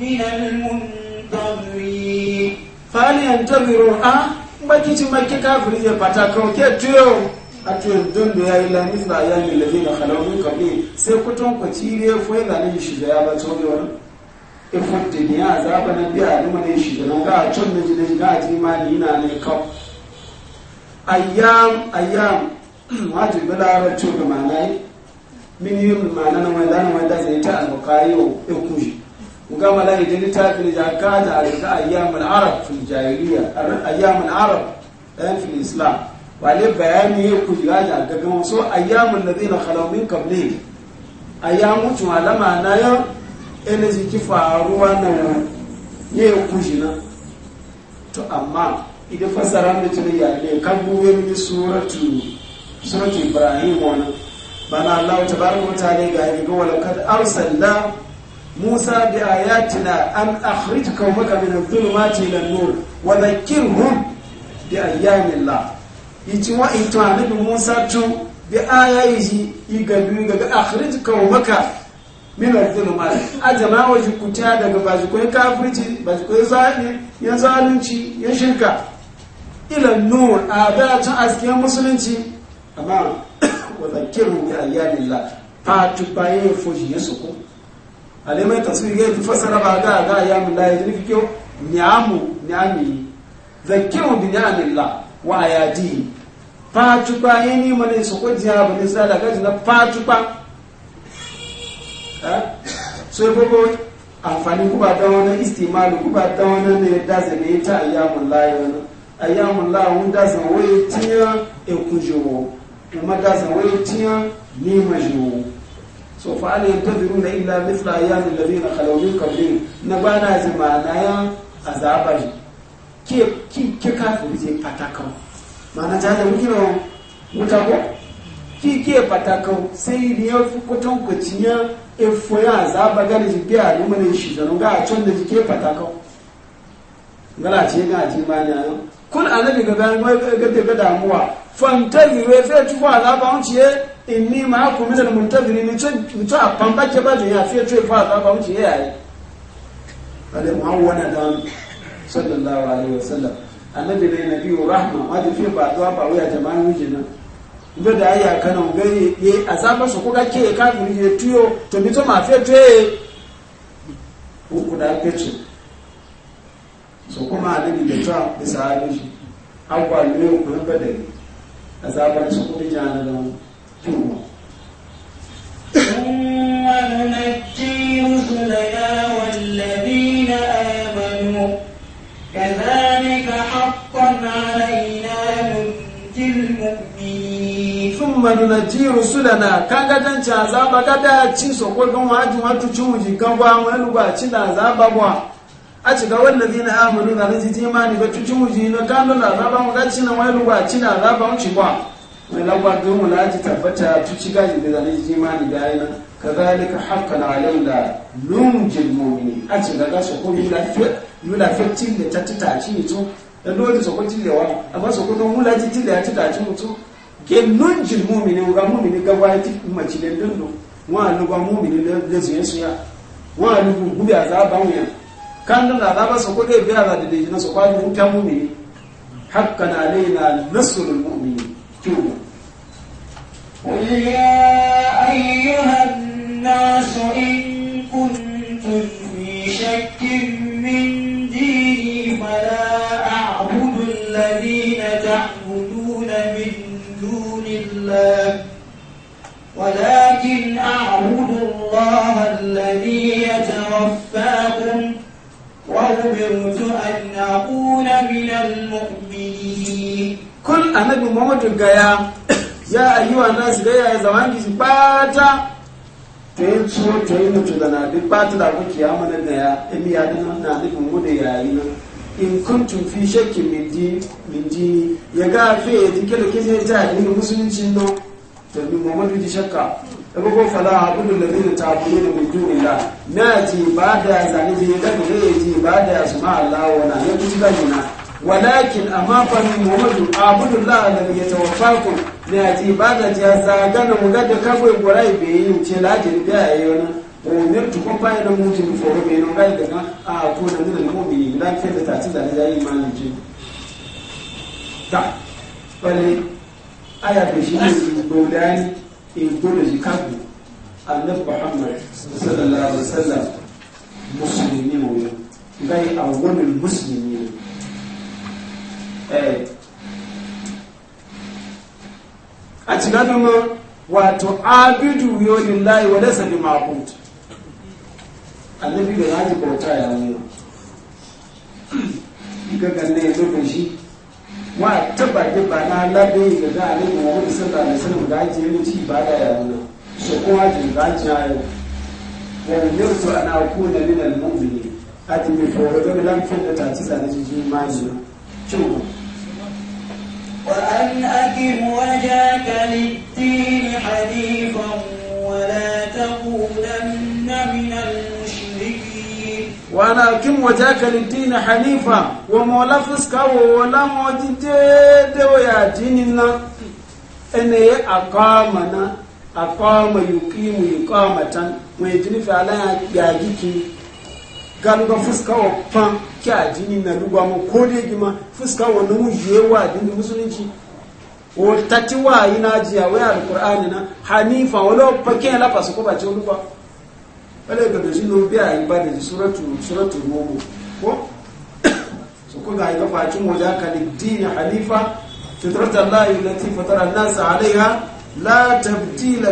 من المنتظرين فهل ينتظروا ها؟ Mbakiti mbaki kafiri ya pataka ukia tuyo Atu ya dundu ya ila nizna ya ni lezina khala uvika Sekutu mkwa chiri ya fuenda ni nishuja ya batu ya wana ifunta ne ya zaba na biya ne shi da nan ga cin da jini ga ji ma ni na ne ayyam ayyam bala ga min mana na zai ta al-bukhari e kuji ga idan ta fi da ka da alka ayyam al-arab fil jahiliya ayyam al-arab dan eh, fil islam wale bayani ya kuji ga da ga so ayyamul ladina khalaw min qablihi ayyamu tu alama na yau ene jiki faruwa na ya yi kushi na to amma idan fasara da cire yare kan buwe mini suratu suratu ibrahim wani bana allah ta ne ga yi ga wala kad musa bi ayatina an akhrij qaumaka min adh-dhulumati ila an-nur wa dhakkirhum bi ayyamillah yace wa ita musa tu bi ayayi ga ga akhrij qaumaka mina zulmal a jama'a jikuta daga bajikwai kafirci bajikwai zaɓi ya zalunci ya shirka ilan nur a bayacin askiyar musulunci amma wa zakiru la ayyanillah fatu baye foji yesu ko alimai tasiri ya fasara ba ga ga ya mun laye jini kyau ni'amu ni'ami zakiru bi la wa ayati fatu ya ni mane su ko jiya bane sada ga jina fatu ba Eh? so gbogbo amfani kuba ta wani istimalu kuba ta wani ne da zane ta ayyamun layi wani ayyamun layi wani da zan tiya ekun jiwo kuma da zan tiya nima jiwo so fa ala na illa mithla ayyamin ladina khalaw min qablihim na bana zima na ya azaba ki ki ki kafiri je mana ta da wuta ko ki ke patakau sai ne ya fi kutan kuciya efo ya za ba gani jike a yi mana shi zanen ga a can da jike fata kawo gana ce ga ji ma ne yi kun nabi ga gani ga da ga damuwa fantazi wai fiye tu a zaba ba ya ye ni ma ku min muntaziri ni to to a pamba ke ba ya fe tu fa za ba unci ye ai ale muawwana da sallallahu alaihi wasallam annabi ne nabi rahma wa fiye ba ba jama'a jama'u jinan ibe da ya kana ugai ye azaba so kuga ke ka buri ye to mito ma fe tuye uku da kechu so kuma alibi da ta da sahabi shi agwa ne ku na bade azaba so kuga jana da kuma ثم ننجي رسلنا muhammadu na ji rusulana kan gadan ci azaba da ci so ko gan wajin watu mu wuji kan ba mu wani luba ci da azaba ba a ci ga wannan zina amuru na ji ji mani ba cin wuji na kan da azaba mu ga ci na wani luba ci da azaba mu ci ba mai lagwa don mu laji tabbata ci ci ga ji da zane ji mani da yana kazalika haqqan alaina lumjil mu'minin a ci ga ga so ko yula yula 15 da ta ci ta ci to da dole so ko ci da wa amma so ko don mu laji ci da ta ci mu to ke nun jil mumini ga mumini ga wati mace da dundu wa lu ga mumini da zuyen suya wa lu ku gubi azaba wuya kan da azaba so ko ga biya da da jina so kwa mun ta mumini hakkan alaina nasrul mu'minin tuba qul ya annabi muhammadu gaya ya ayyuwa nasu gaya ya zama gizi bata ta yi so ta yi mutu da nabi bata da kuke ya mana da ya emi ya dana na annabi mu da yayi na in kuntum fi shakki min dini ya ga fe ya jike da kisa ta yi musulunci no to bi muhammadu ji shakka da ko fala abudu ladina ta'buduna min dunillah na ji ba da zani ji da ne ji ba da su ma Allah wa na ne ji ga na walakin amma fannin muhammadu abdullah da ya tawaffaku da ya ce ba da jiya zagana mu gada kagwai gwarai bai yi ce lajin da ya yi wani umar tukun bayan nan mutum foro bai nan gai daga a ko da nuna mu'mini da ke da tace da ya yi imani ce ta bale aya da shi ne godani in gode shi kagwai annabi muhammad sallallahu alaihi wasallam musulmi ne gai awwalul muslimin Eh. a cikin numa wato abidu yau layi wa lasa bi ma'bud annabi da zaji bauta ya wuyo ga ganna ya zo shi wa taba ke ba na labe ga ga annabi wani sallallahu na wasallam da ajiye ni ci ba da ya wuyo so kuma ko haji ga ji ayo wa so ana kuna da al-mu'minin a ti ko ga da lamfin da ta ci zane ji ma ji وأن أقم وجهك للدين حنيفا ولا تكونن من المشركين وأنا أقم وجهك للدين حنيفا ومولا فسكا ولا موجد ويا ديننا أنا أقامنا أقام يقيم يقامة ويجني فعلا يجيكي Galiba fuska wa fan ki addini na lugwa mu ko da gima fuska wa numu yewa addini musulunci o tati wa ina jiya wa alqur'ani na hanifa wala pake la pasu ko ba ce lugwa wala ga dozi no biya ibada ji suratu suratu mumu ko so ko ga ga fatin mu da ka dini hanifa fitratallahi allati fatara an-nas 'alayha la tabdila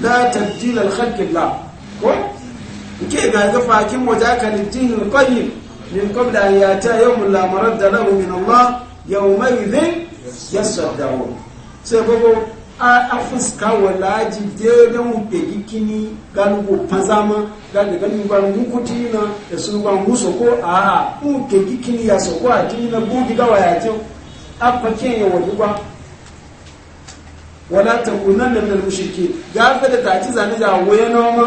la tabdila al-khalqi ko ke ga ga fakin waje aka litin qayyim min qabla an yata yawmul la da lahu min Allah zai ya yasaddaru sai gbogbo a fuska wala ji de dan ube gikini galugo fazama galugo galugo ba mukuti na da su ba muso ko a ha ube gikini ya so ko a tina bugi gawa ya ce apa ken ya wadu ba wala takunanna min al-mushrikin ga fa da ta ci zane za wayana ma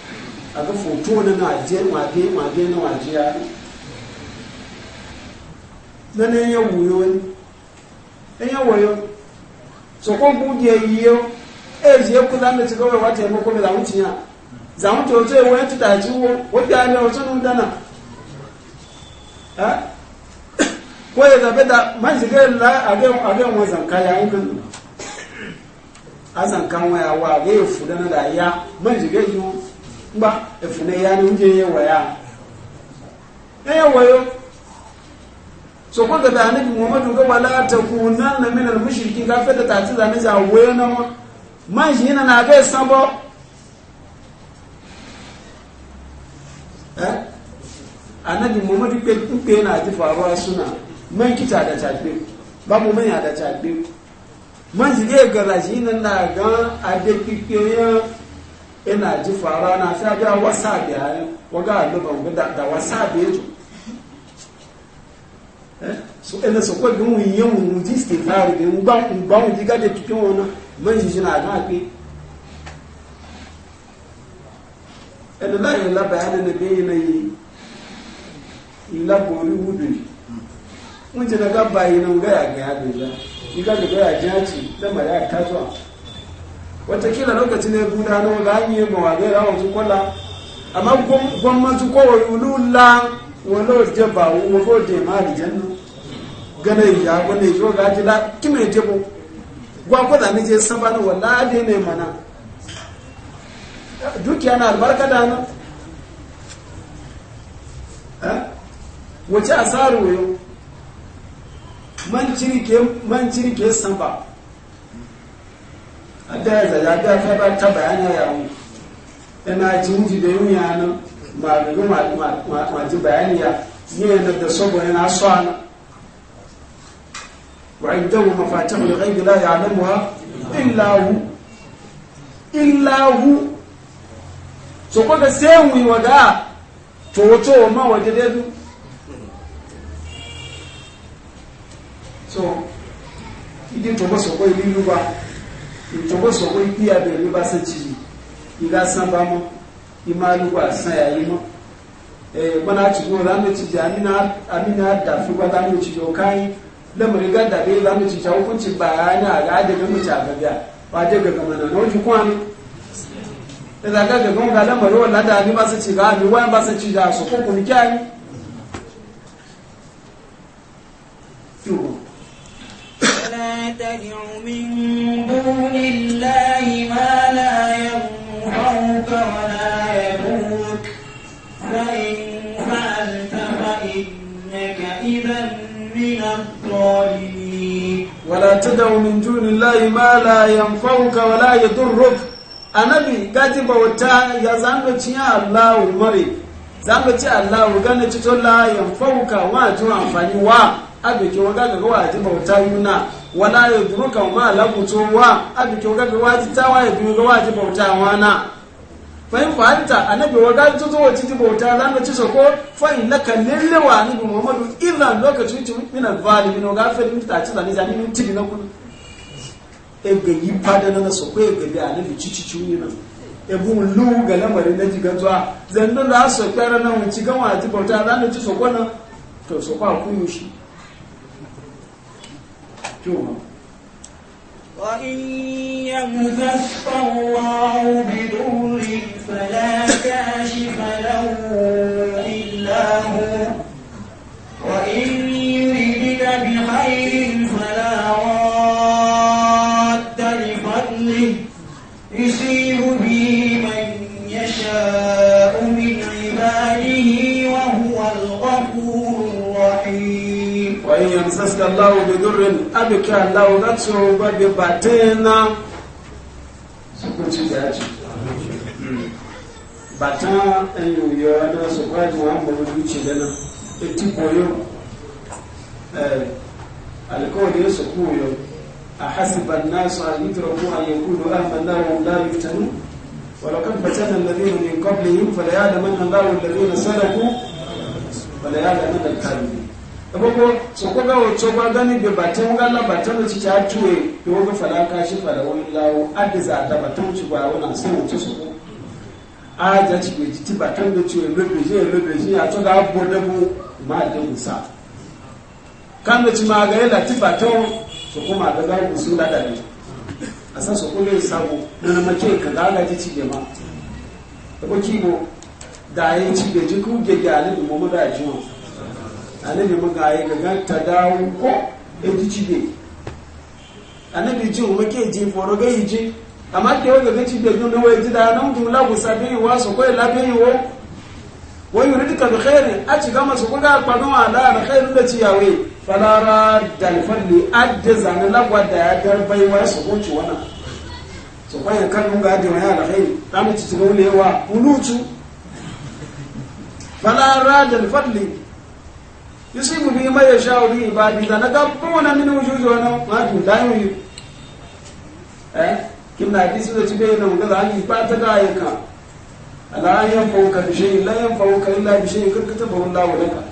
aga foto na waje waje waje na waje ya na na enye wuyo ni enye wuyo so ko bu je yiyo e je ku da me tigo wa te mo ko me da mu tinya za mu to ta ji wo wo da o da na ha ko ya da man la mo zan kan kan wa ge fu da na da ya man ba efune ya ni nje yɛ waya ya yɛ wayo so ko da annabi muhammadu ga wala ta kunanna min al mushrikin ga fa da ta ci zane ja wayo na ma man yi yana na ga sabo eh annabi muhammadu pe pe na ji faruwa suna man kita da tafi babu man ya da tafi man yi ga garaji nan na ga a da pipiyan ina ji fara na fi abiya wasa biya ne waga alubar da, da wasa ya ju eh so ina so kwa bi mu yin mu ji istighfar bi da ba mu ba mu ji gade cikin wannan man ji jina ga ke ina da yin la bayani ne bi ne yi ila bori wudu mun ji daga bayi nan ga ya ga ya ga ya ga ya ji da mara ta zuwa watakila lokacin ya gudano ga an yi mawagai rawar su kwalla amma gwamnati kowai ulula wani oje ba wani oje ma alijanna gana ya gwada ya kiwa gaji la kima ya jebo gwagwada ni je saba na wala ne ne mana dukiya na albarka da na eh? wace asaru yau man cirke man cirke samba adaya zaga ga fa ba ta bayana ya mu ina jin ji da yunya na ma ga ma ma ma ji bayani ya ne da da so boye na wa indahu mafatihu al la ya'lamuha illa hu illa hu so ko da sai mu yi waga to to ma waje da du so idin to ba so ko yi ba ìtọ́wọ́ sọ pé bí abẹ̀rẹ̀ ló bá sẹ́tì ìlà san bá mọ́ ìmá lúwà san yàyí mọ́ ẹ̀gbọ́n láti gbọ́n àmìnà àdàfin wá lámẹ́tì yọ káyín lẹ́mọ̀rẹ́ àwọn fúnti bà á ní àgá àdẹ̀gẹ́ mọ̀tì àgbẹ̀bẹ̀ wà mọ̀nà ní kún نتبع من دون الله ما لا ينفعك ولا يضرك فإن فعلت فإنك إذا من الظالمين ولا تدع من دون الله ما لا ينفعك ولا يضرك annabi gaji bauta ya zanga cin Allah mare zanga ci Allahu gane ci tolla yanfauka wa ju amfani wa abike wa gaga wa ji bauta yuna wala ya duru kan ma lamuto wa abi ke ga waji ta wa ya duru ga waji bauta wa na fa in fa'alta annabi wa ga tuzo wa ci bauta za mu ci sako fa in laka lille wa annabi muhammadu idan lokacin ci min al-zalimin ga fa din ta ci ni zani min ci na kun e ga yi fada na sako e ga bi annabi ci ci ci na e bu lu ga da jiga zuwa zan don da so na mun ci ga waji bauta za mu ci sako na to shi تحتها وإن يمسسك الله بضر فلا كاشف yamsaska da ci bata an yoyo ولقد فتن الذين من قبلهم فليعلمن الله الذين الكاذبين gbogbo sokoga wacce ba gani bai batun gala batun da cikin ajuwe da wani falaka shi fara wani lawo adiza da batun ci ba wani sai wuce soko a ja ci bai jiti batun da ciwe lobeji ya ji ya to ga abubuwa da mu ma da musa kan da ci ma ga yala ti batun soko ma ga gani su da ne a san soko ne sabo na na mace ka ga ga ci ge ma da ki kibo da yin ci bai ji ku ge ga mu mu da wani annabi yi ga ta dawo ko eji cibe annabi ji o make ji foro ga yi ji amma ke wanda ga cibe dun nuna ji da nan dun lagu sabi wa so ko la yi wo yi yuridka da khairi a ci gama su kuka kwanu a da khairi da ci yawe falara dal falli adda zane lagwa da ya darbai wa su ko wana su kwanye kan mun ga da ya ala khairi ta mu ci ci wa ulutu falara dal falli yusibu bi ma yashau bi ibadi zana ga eh, kuma na mini wujuju wana ma tu dai mu eh kim na hadisi da tibe na mugaza an ba ta ga ayyuka ala yan fauka bi shay la yan fauka illa bi shay kirkata da wallahi walaka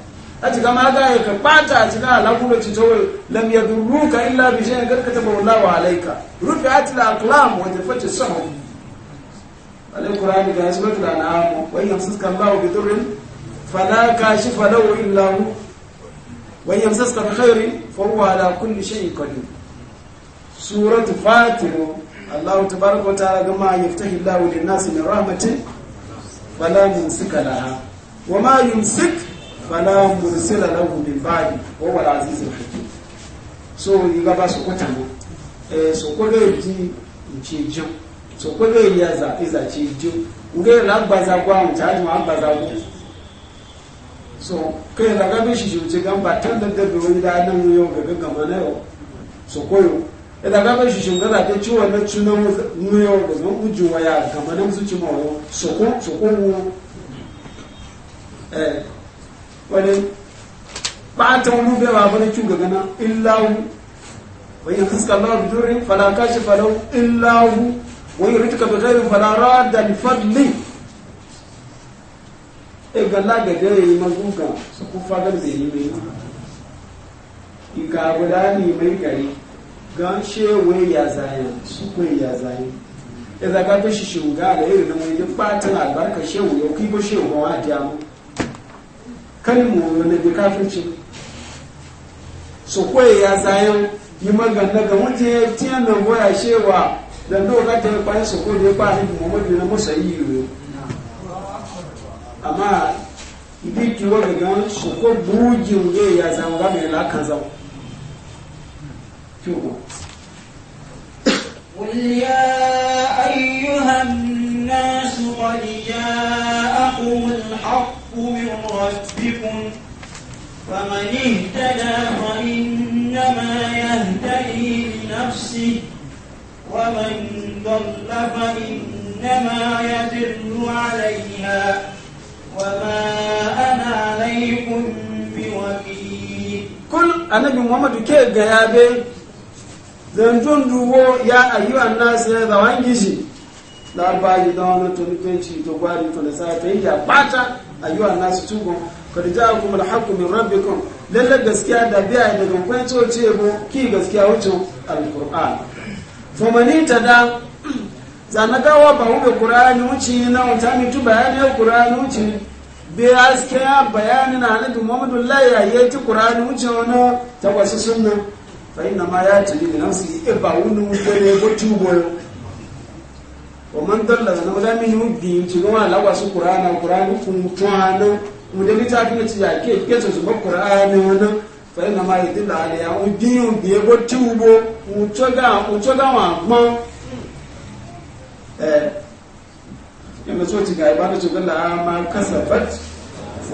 ati kama ga ayyuka ba ta ati ga ala kuma ci tawo lam yadurruka illa bi shay kirkata ba wallahi alayka rufi'at al aqlam wa jafat as sahab alai qur'ani ga isbatu da na'am wa yamsuka allah bi durrin fala kashifa lahu illa hu وإن يمسسك بخير فهو على كل شيء قدير سورة فاتر الله تبارك وتعالى كما يفتح الله للناس من رحمة فلا ممسك لها وما يمسك فلا مرسل له من بعد وهو العزيز الحكيم so yiga ba su kwata mu so ko ji so ya za iza chi jo ngere la gbaza kwa mtaji so kai da gabe shi shi gan ba tan da da gabe wani da nan yau ga gama na yau so koyo e da gabe shi shi ga da ke ciwo na cuna mu yau ga mun uju waya gama nan su ci ma yau so ko so ko mu eh wani ba ta mu be ba bane cu ga gana illahu wa in khaska Allah bi durrin fala kashifa lahu illahu wa yuriduka bi ghairin fala radda li fadli egala gẹ̀gẹ́ yìí máa gún kan sọkú fagẹ́lẹ̀ yìí mi ìka àgbẹ̀dá ní amẹ́ríkà yìí gan ṣé ìwé ìyàzàyà sùkú ìyàzàyà ya yi ṣiṣẹ́ òǹgá rẹ̀ èrè náà ilé pátá àgbàkà ṣé òun yóò kí bó ṣe òun wá di amú kálímù òun lẹ́gbẹ̀ẹ́ káfíńtì sùkú ìyàzàyà yìí máa gàdá gan wọ́n ti tiẹ̀ náà wọ́n yà ṣe wà lẹ́nu ọ̀gá jẹ́ pàṣẹ sùkú ìdí pàṣẹ mọ̀mọ́dé náà mọ̀ṣẹ́ yìí rẹ̀ amma ibi kiwa ga gan su ko bugin ne ya zama ba mai lakan zama kyuku قل يا أيها الناس قد جاءكم الحق من ربكم فمن اهتدى فإنما يهتدي لنفسه ومن ضل فإنما يدل عليها وما أنا عليكم ke ga أنا بمحمد كي غيابي ya dubo ya ayyuan nasu ya zawan gishi yi da wani tunukenci to gwari to da safe yi ya bata ayyuan nasu tugon kadija kuma da haƙƙu min rabbikum lalle gaskiya da biya da gankwai tsoce bu ki gaskiya wucin alƙur'an to mani ta da zanagawa ba wuga ƙura'ani wuce na wuta mitu bayanin ƙura'ani wuce bai haske ya bayani na hannun muhammadu laya ya ti ƙura'ani wuce wani tabbasi sunna fahim na ma ya tuni da nan su yi ba wani wuce ne ko tuboyo wa man dalla na wadda min yi biyu ci gama alaƙa su ƙura'ani ƙura'ani kun tuhana mu da littafi na ci ya ke kesa su ba ƙura'ani wani fahim na ma ya dilla ya biyu biyu ko tubo mu coga wa gbọn Eh, in ba so ci ga ibada ci galla ma kasabat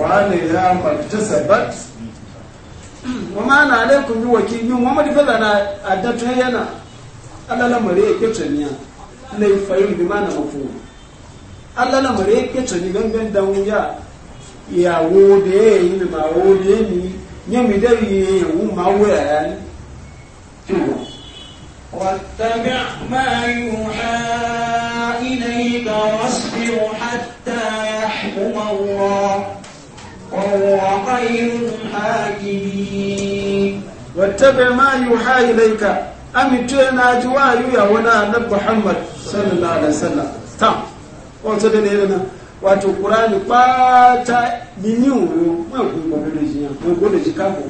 wa ne ya ma bat? wa ma na alaikum yi wakilin wa ma fada na adatun yana Allah la mare yake na yi fayin bi ma na mafi Allah la mare ke tuni gangan dan wuya ya wo de yi ma wo de ni mi da yi ya wu ma wo ya ni واتبع ما يوحى إليك واصبر حتى يحكم الله وهو خير الحاكمين واتبع ما يوحى إليك أم تينا جوايو يا ونا نب محمد صلى الله عليه وسلم تام لنا wato ƙurani wuyo mai kuma da shi ya mai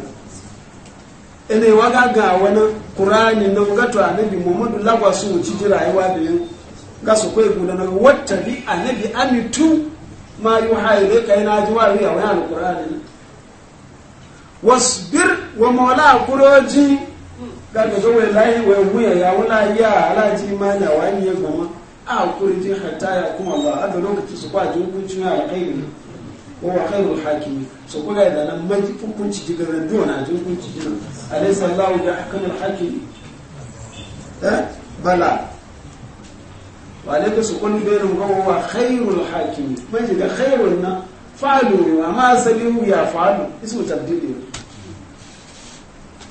shi waga ga wani ƙurani na gato annabi muhammadu lagwasu ji rayuwa da yin ga su kai guda na wata bi annabi amitu ma yi haile kai na ji wa riya wani alkur'ani wasbir wa maula kuroji ga ga zo layi ya wula ya alaji ma wani ya goma a kuroji hatta ya kuma ba a da lokaci su kwaje hukuncin ya ko wa kula da nan hukunci ji hukunci hakimi eh? bala walaika su kun berin gawo wa khairul hakimi mun shiga khairun na falu amma asali ya falu ismu tabdili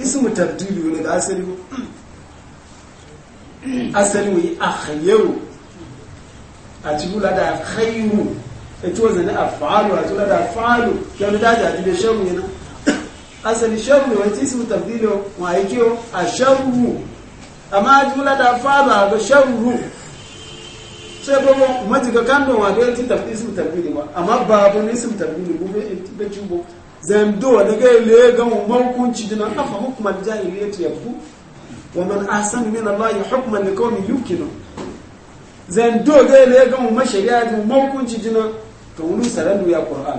ismu tabdili ne da asali asali mu akhyaru a cikin da khairu e to zane afalu a cikin da afalu kan da da da sharu ne asali sharu ne wani ismu tabdili wa yake a sharu amma jumla da fa ba ga sharu sai bomo majiga kando wa ga tin tafi ism tabdili ba amma babu ne ism tabdili ba, be jumbo zan do daga le ga mun kunci dina afa hukmal jahiliyyati yafu wa man ahsanu min allahi hukman liqawmin yukinu zan do ga le ga mun mashari'a mun kunci dina to wulu saradu ya qur'an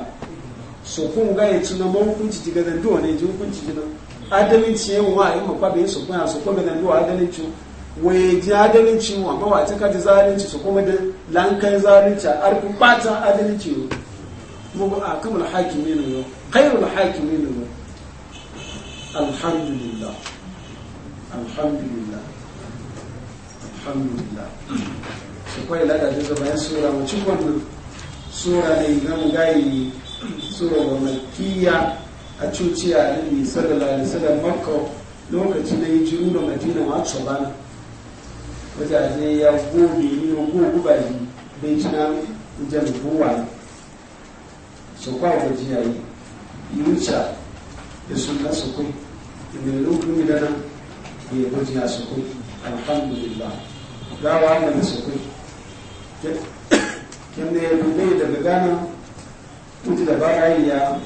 so kun ga ya tuna mun kunci diga zan do ne ji kunci dina adamin ciyen wa ai makwabe so kun so kun ga zan do adamin ciyen wai ji adalci wa ba ta kaji zalunci su kuma da lankan zalunci a arfin batan adalci yau mugu a kamar hakimi ne yau da hakimi ne yau alhamdulillah alhamdulillah alhamdulillah su kwai lada da bayan sura wacin wannan sura ne na mugayi sura wa malkiya a cuciya a yi sallallahu alaihi sadar makka lokaci da yi jiru da madina ma tsobana wajaje ya gobe ni ko guba ni bai ci na jan buwa so kwa waje yayi yuca da sunna su kai ibn al-ukmi da nan ya waje ya su kai alhamdulillah gawa da su kai kin ne dole daga gana kuti da bayan ya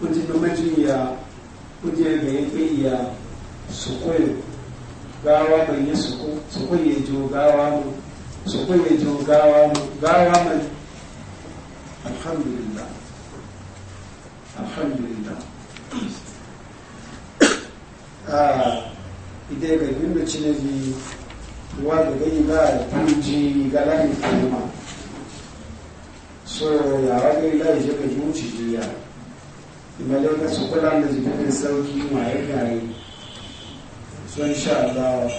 kuti da majiya kuti da yake ya su kai gawa mai yi su suku ya jo gawa mu suku ya jo gawa mu gawa mai alhamdulillah alhamdulillah a ah, ide ga yin da cine ji wa da gani ga ji ga lami kuma so ya wa ga ila yi wuce ji imalai ka su kula da jikin sauki ma ya gari so insha Allah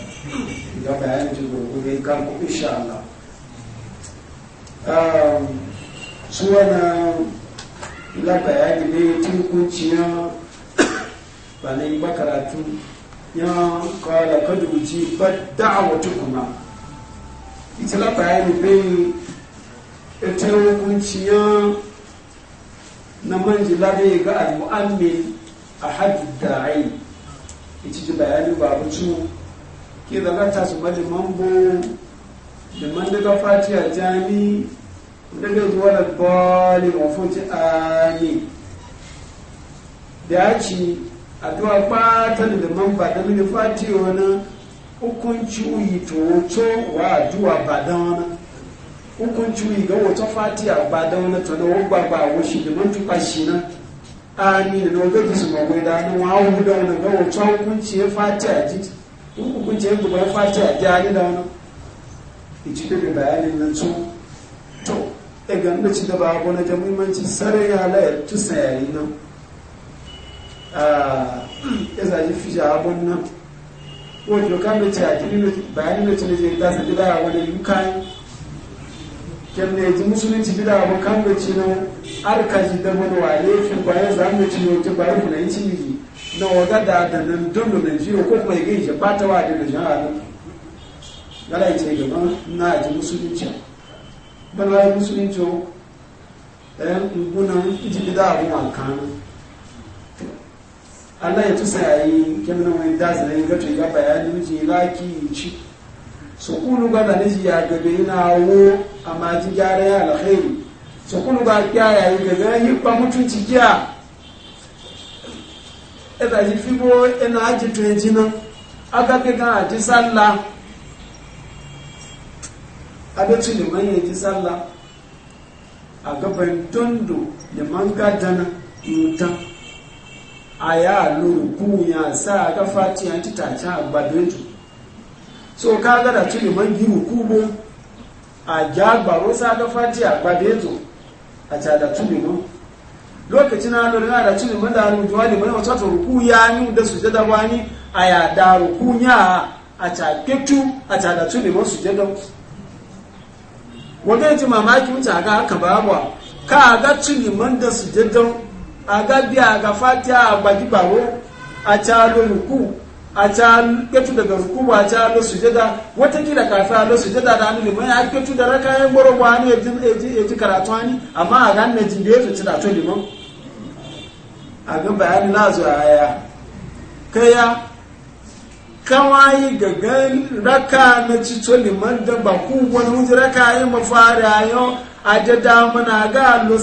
ga bayanin ji gurgure kan ku insha Allah um su wana la bayani tun kunciya ba ne ba karatu ya kala kaduji ba da'awatukuma ita la bayani bai ita kunciya na manjila da ga al-mu'ammin ahad da'i ita ji bayani ba bucu ke zaga ta su bada mambo da man daga fatiya jami daga zuwa da bali mafoci a yi da ya ci a tuwa fatan da man ba da mini fatiya wani hukunci uyi to wato wa aduwa ba da wani hukunci uyi ga wato fatiya ba da wani tana wani gbagba a wasu da man tuka shi na ari da doga gisu ma da dani wa hu da wani ga wancan hukunci ya fati a ji in hukunci ya gaba ya fati a ji ari da wani ici da bayanin nan su to e ga nda ci da ba gona da muhimmanci sare ya la tu tusa nan a ah, ya zaji fija abun nan wajen lokacin da ci a ji bayanin da ci da zai gasa gida a wani yukan kemne ji musulunci bi da abokan da ci na arkaji da mana waye fi bayan za ci yau ta bayan mu yi cimiki na waga da da nan na jiyo ko kuma gai je bata wa da da jama'a nan gala ce gaba na ji musulunci ban waye musulunci ɗayan gunan iji bida abu ma kan Allah ya tusa yayi kemna wani na yi gato ya bayani miji laki ci sukulu ba da niji ya gado yana wo a maji gyara ya alkhairi sukulu ba kya ya yi gaga yi kwa mutunci kya ita e yi fibo ina e aji to yaji e nan aka ke kan aji sallah abinci liman ya ji salla a gaban tondo liman gadana yuta a ya lori ya sa ga fatiya ci gbadon tu. so ka ga da tuli man giru a jagba rosa da fati a gbadezo a ta da tuli lokacin na lori na da tuli man da hannu juwa ne mana wata ruku ya ni da su jada wani a ya da ruku ya a ta ketu a ta da tuli man su jada wata ji mamaki wuce a ga haka babuwa ka ga tuli man da su jada a ga biya ga fati a gbagi baro a ta lori ruku a can ketu daga rukubu a can alo sujada watakila kafin su sujada da hannu limon ya ketu da raka yan gboro ba hannu ya ji karatu hannu amma a ganin na jin da ya fi da to limon a ga bayani na zuwa a ya. kai ya kawai gagan raka na cito limon da ba ku wani wuji raka yi mafari a yau a jada mana ga alo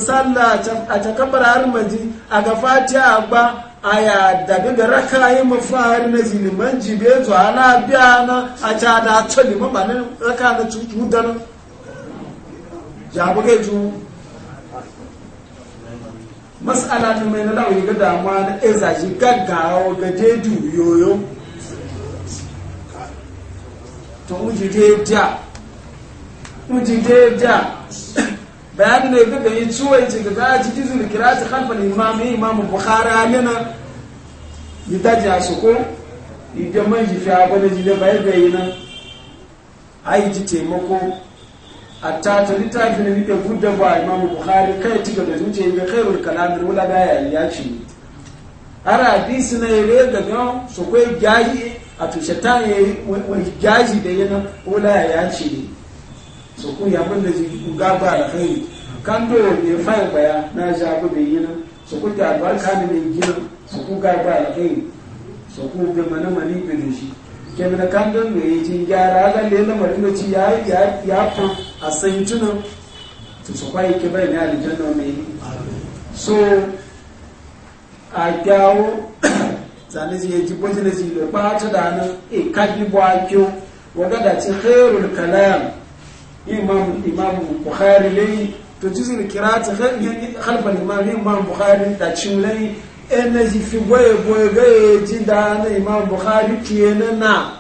a takabar har maji a ga fatiha ba aya da daga raka yi mafahari na ziliman jibe to ana biya na a ca da to liman ba na raka na cutu da na jabu kai ju mas'ala ta mai na lauyi ga damuwa na eza shi gaggawa ga dedu yoyo to ujide ja deja mu bayani ne ga gani tsuwai ce ga a cikin zuri kira ta kalfar imam imamu eh, imam bukhari alina yi ta ji a soko idan man jifi a gwada jide bayan bayi nan a yi ji taimako a ta littafi na nike gudda ba imamu bukhari kai ci da zuciya ga khairul kalamin wula da ya ya a ara hadisi na yare ga gan su kai gaji a tushe ta yi wani gaji da yana wula ya ci ne kai yamin da ji gaba da khairi kando ne fayin baya na shafi da yi nan su ku da albarka ne mai gina su ku ga ba kai su ku ga mana mani bi da shi ke mana kando ne yi jin gyara ga ne na mari ci ya ya ya fa a san tuna su su kwaye ke bai ne aljanna mai so a gyawo zane ji ji na ji lo ba da nan e kabi bo akyo wanda da ci khairul kalam imam imam bukhari lai to jizin kirata halbal imam imam bukhari da cimlai ene eh, ji fi boye boye gaye ji da na imam bukhari kiyena na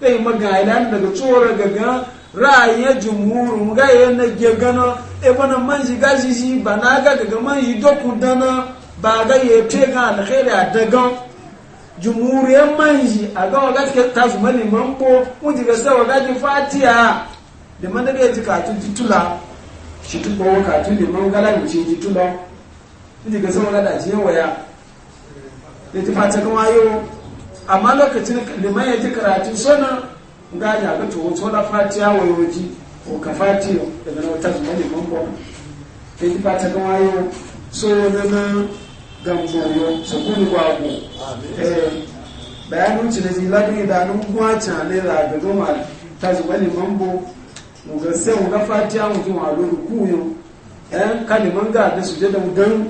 dai magailan daga tsora gaga ra'ayin jumhur gaye na gegana e bana man ji gaji ji bana ga daga man yi doku dana ba ga ye pega alkhairi adaga jumhuriyar man ji a ga wa gaske tasu maliman ko mun ji ga sai wa gaji fatiha da man da ya ji katun titula shi tun ba ka tun da man gala ni ci tu lo ni ga sama eh, da ci waya da ta fata kuma yo amma lokacin liman ya ji karatu sona ga ya ga to to da fatiya wayoji ko ka fati daga na wata zuwa liman ko da ta fata kuma yo so na na gamboyo su kuni gwagwo bayanin ci da idanun da nan kuma ta da ga goma ta zuwa liman ko muga sai muga fatiya mutum a lori kuyo ɗan eh, kaliman ga da su da mudan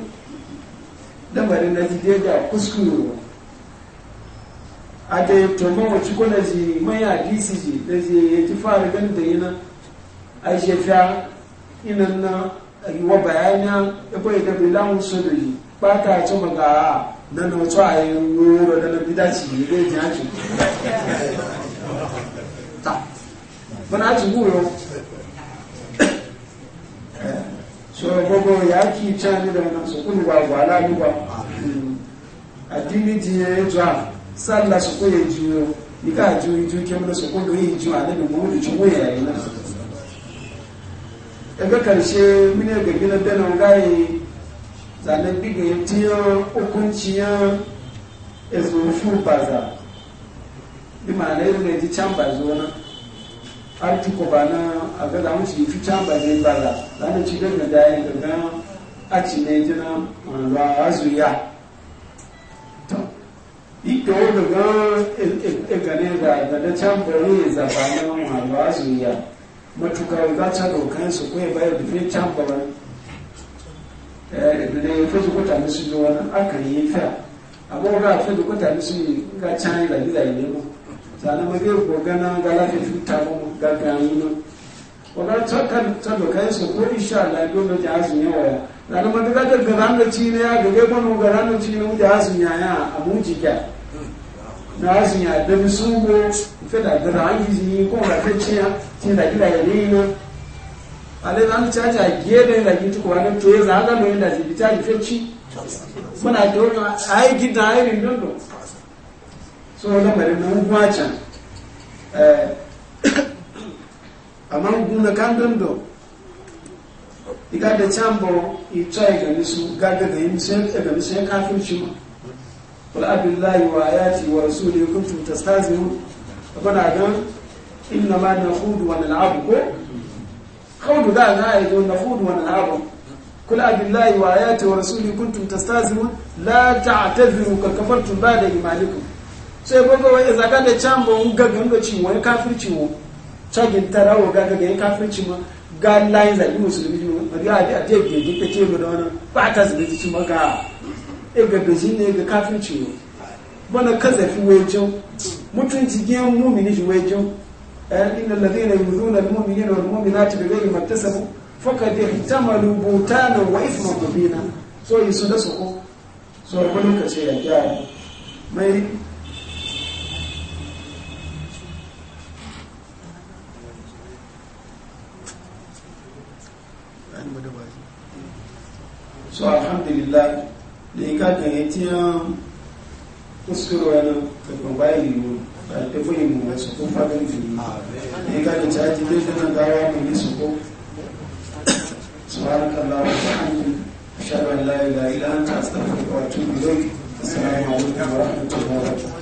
lamarin na jide da kuskuro a da ya tumba wacce ko na ji mai hadisi ji da ji ya ji fara gan da yana a shefiya inan na yiwa bayaniya ya bai da bilan su da ji ba ta ci maga na na wacce a yi roro da na bidaci ne zai ji hajji Muna ci guro so gbogbo ya ki cani da nan su kun ba ba la ni ba addini ji ya jo a salla su ko ya ji ni ka ji ji ke mun su ko do yi ji a da mu da ci ya yi na daga karshe mune ga gina da nan gai zanen biga ya tiyo hukunci ya ezo fu baza bi ma na yi ne ji can bazo na artiko ba na a gada za mu ci fitan ba zai ba la ci gan da dai da a ci ne jina eh, a zuya to ito da ga e, e, e ga da da da can bari za eh, ba na a zuya matuka za ta dokan su ko ba da fi can ba eh da ne ko su ko ta musu wani aka yi fa amma ga fi ko ta yi ga can da gida ne mu zane mage gogana gala da tuta mu gagani mu wannan tsakan ta dokai su ko insha Allah don da jazin yawa zane mage ga daga ran da ci ne ya gage ban ga ran da ci ne wuce jazin ya a abuji ka na azin ya da musugo fe da da ran gizi ko ga ta ci ya ci da gida ya ne na ale zan ta ta gede da gitu ko ran to ya zaga mai da zibita fe ci muna to ai gida ai rindon so lamarin nan gwacin amma guna kan dondo iga da cambo ita ya gani su gaga ga yin sun gani sun kafirci ma wal abillahi wa ayati wa rasuli kuntum tastazihun bana ga inna ma nakhudu wa nal'abu ko khawdu da na ayi wa nal'abu kul abillahi wa ayati wa rasuli kuntum tastazihun la ta'tazuru kal kafartum ba'da imanikum Sai ya gogo a zaka da chambo un gagan da ci wani kafirci wo chagin tarawo gaga ga kafirci ma ga lain zali musulmi ne ga da da ke ke ke ce da wani ba ta zubi ci ma ga e ga gaji ne ga kafirci wo bana kazafi wajen mutunci gen mumini shi wajen eh, inna alladhina yuzuna almu'minina wal mu'minati bighayri ma iktasabu faqad ihtamalu butana wa ithman mubina so yisu da su ko so ko ce ya kyara mai so alhamdulillah da yi kaɗa ya tiya kuskuro yana kafin bayan yiwu a tafi yin mu wasu ko fagen fili da yi kaɗa ta ji dai dana gawa mai nisa ko سبحانك shagar وبحمدك أشهد أن لا إله إلا أنت أستغفرك da sarari السلام عليكم ورحمة الله وبركاته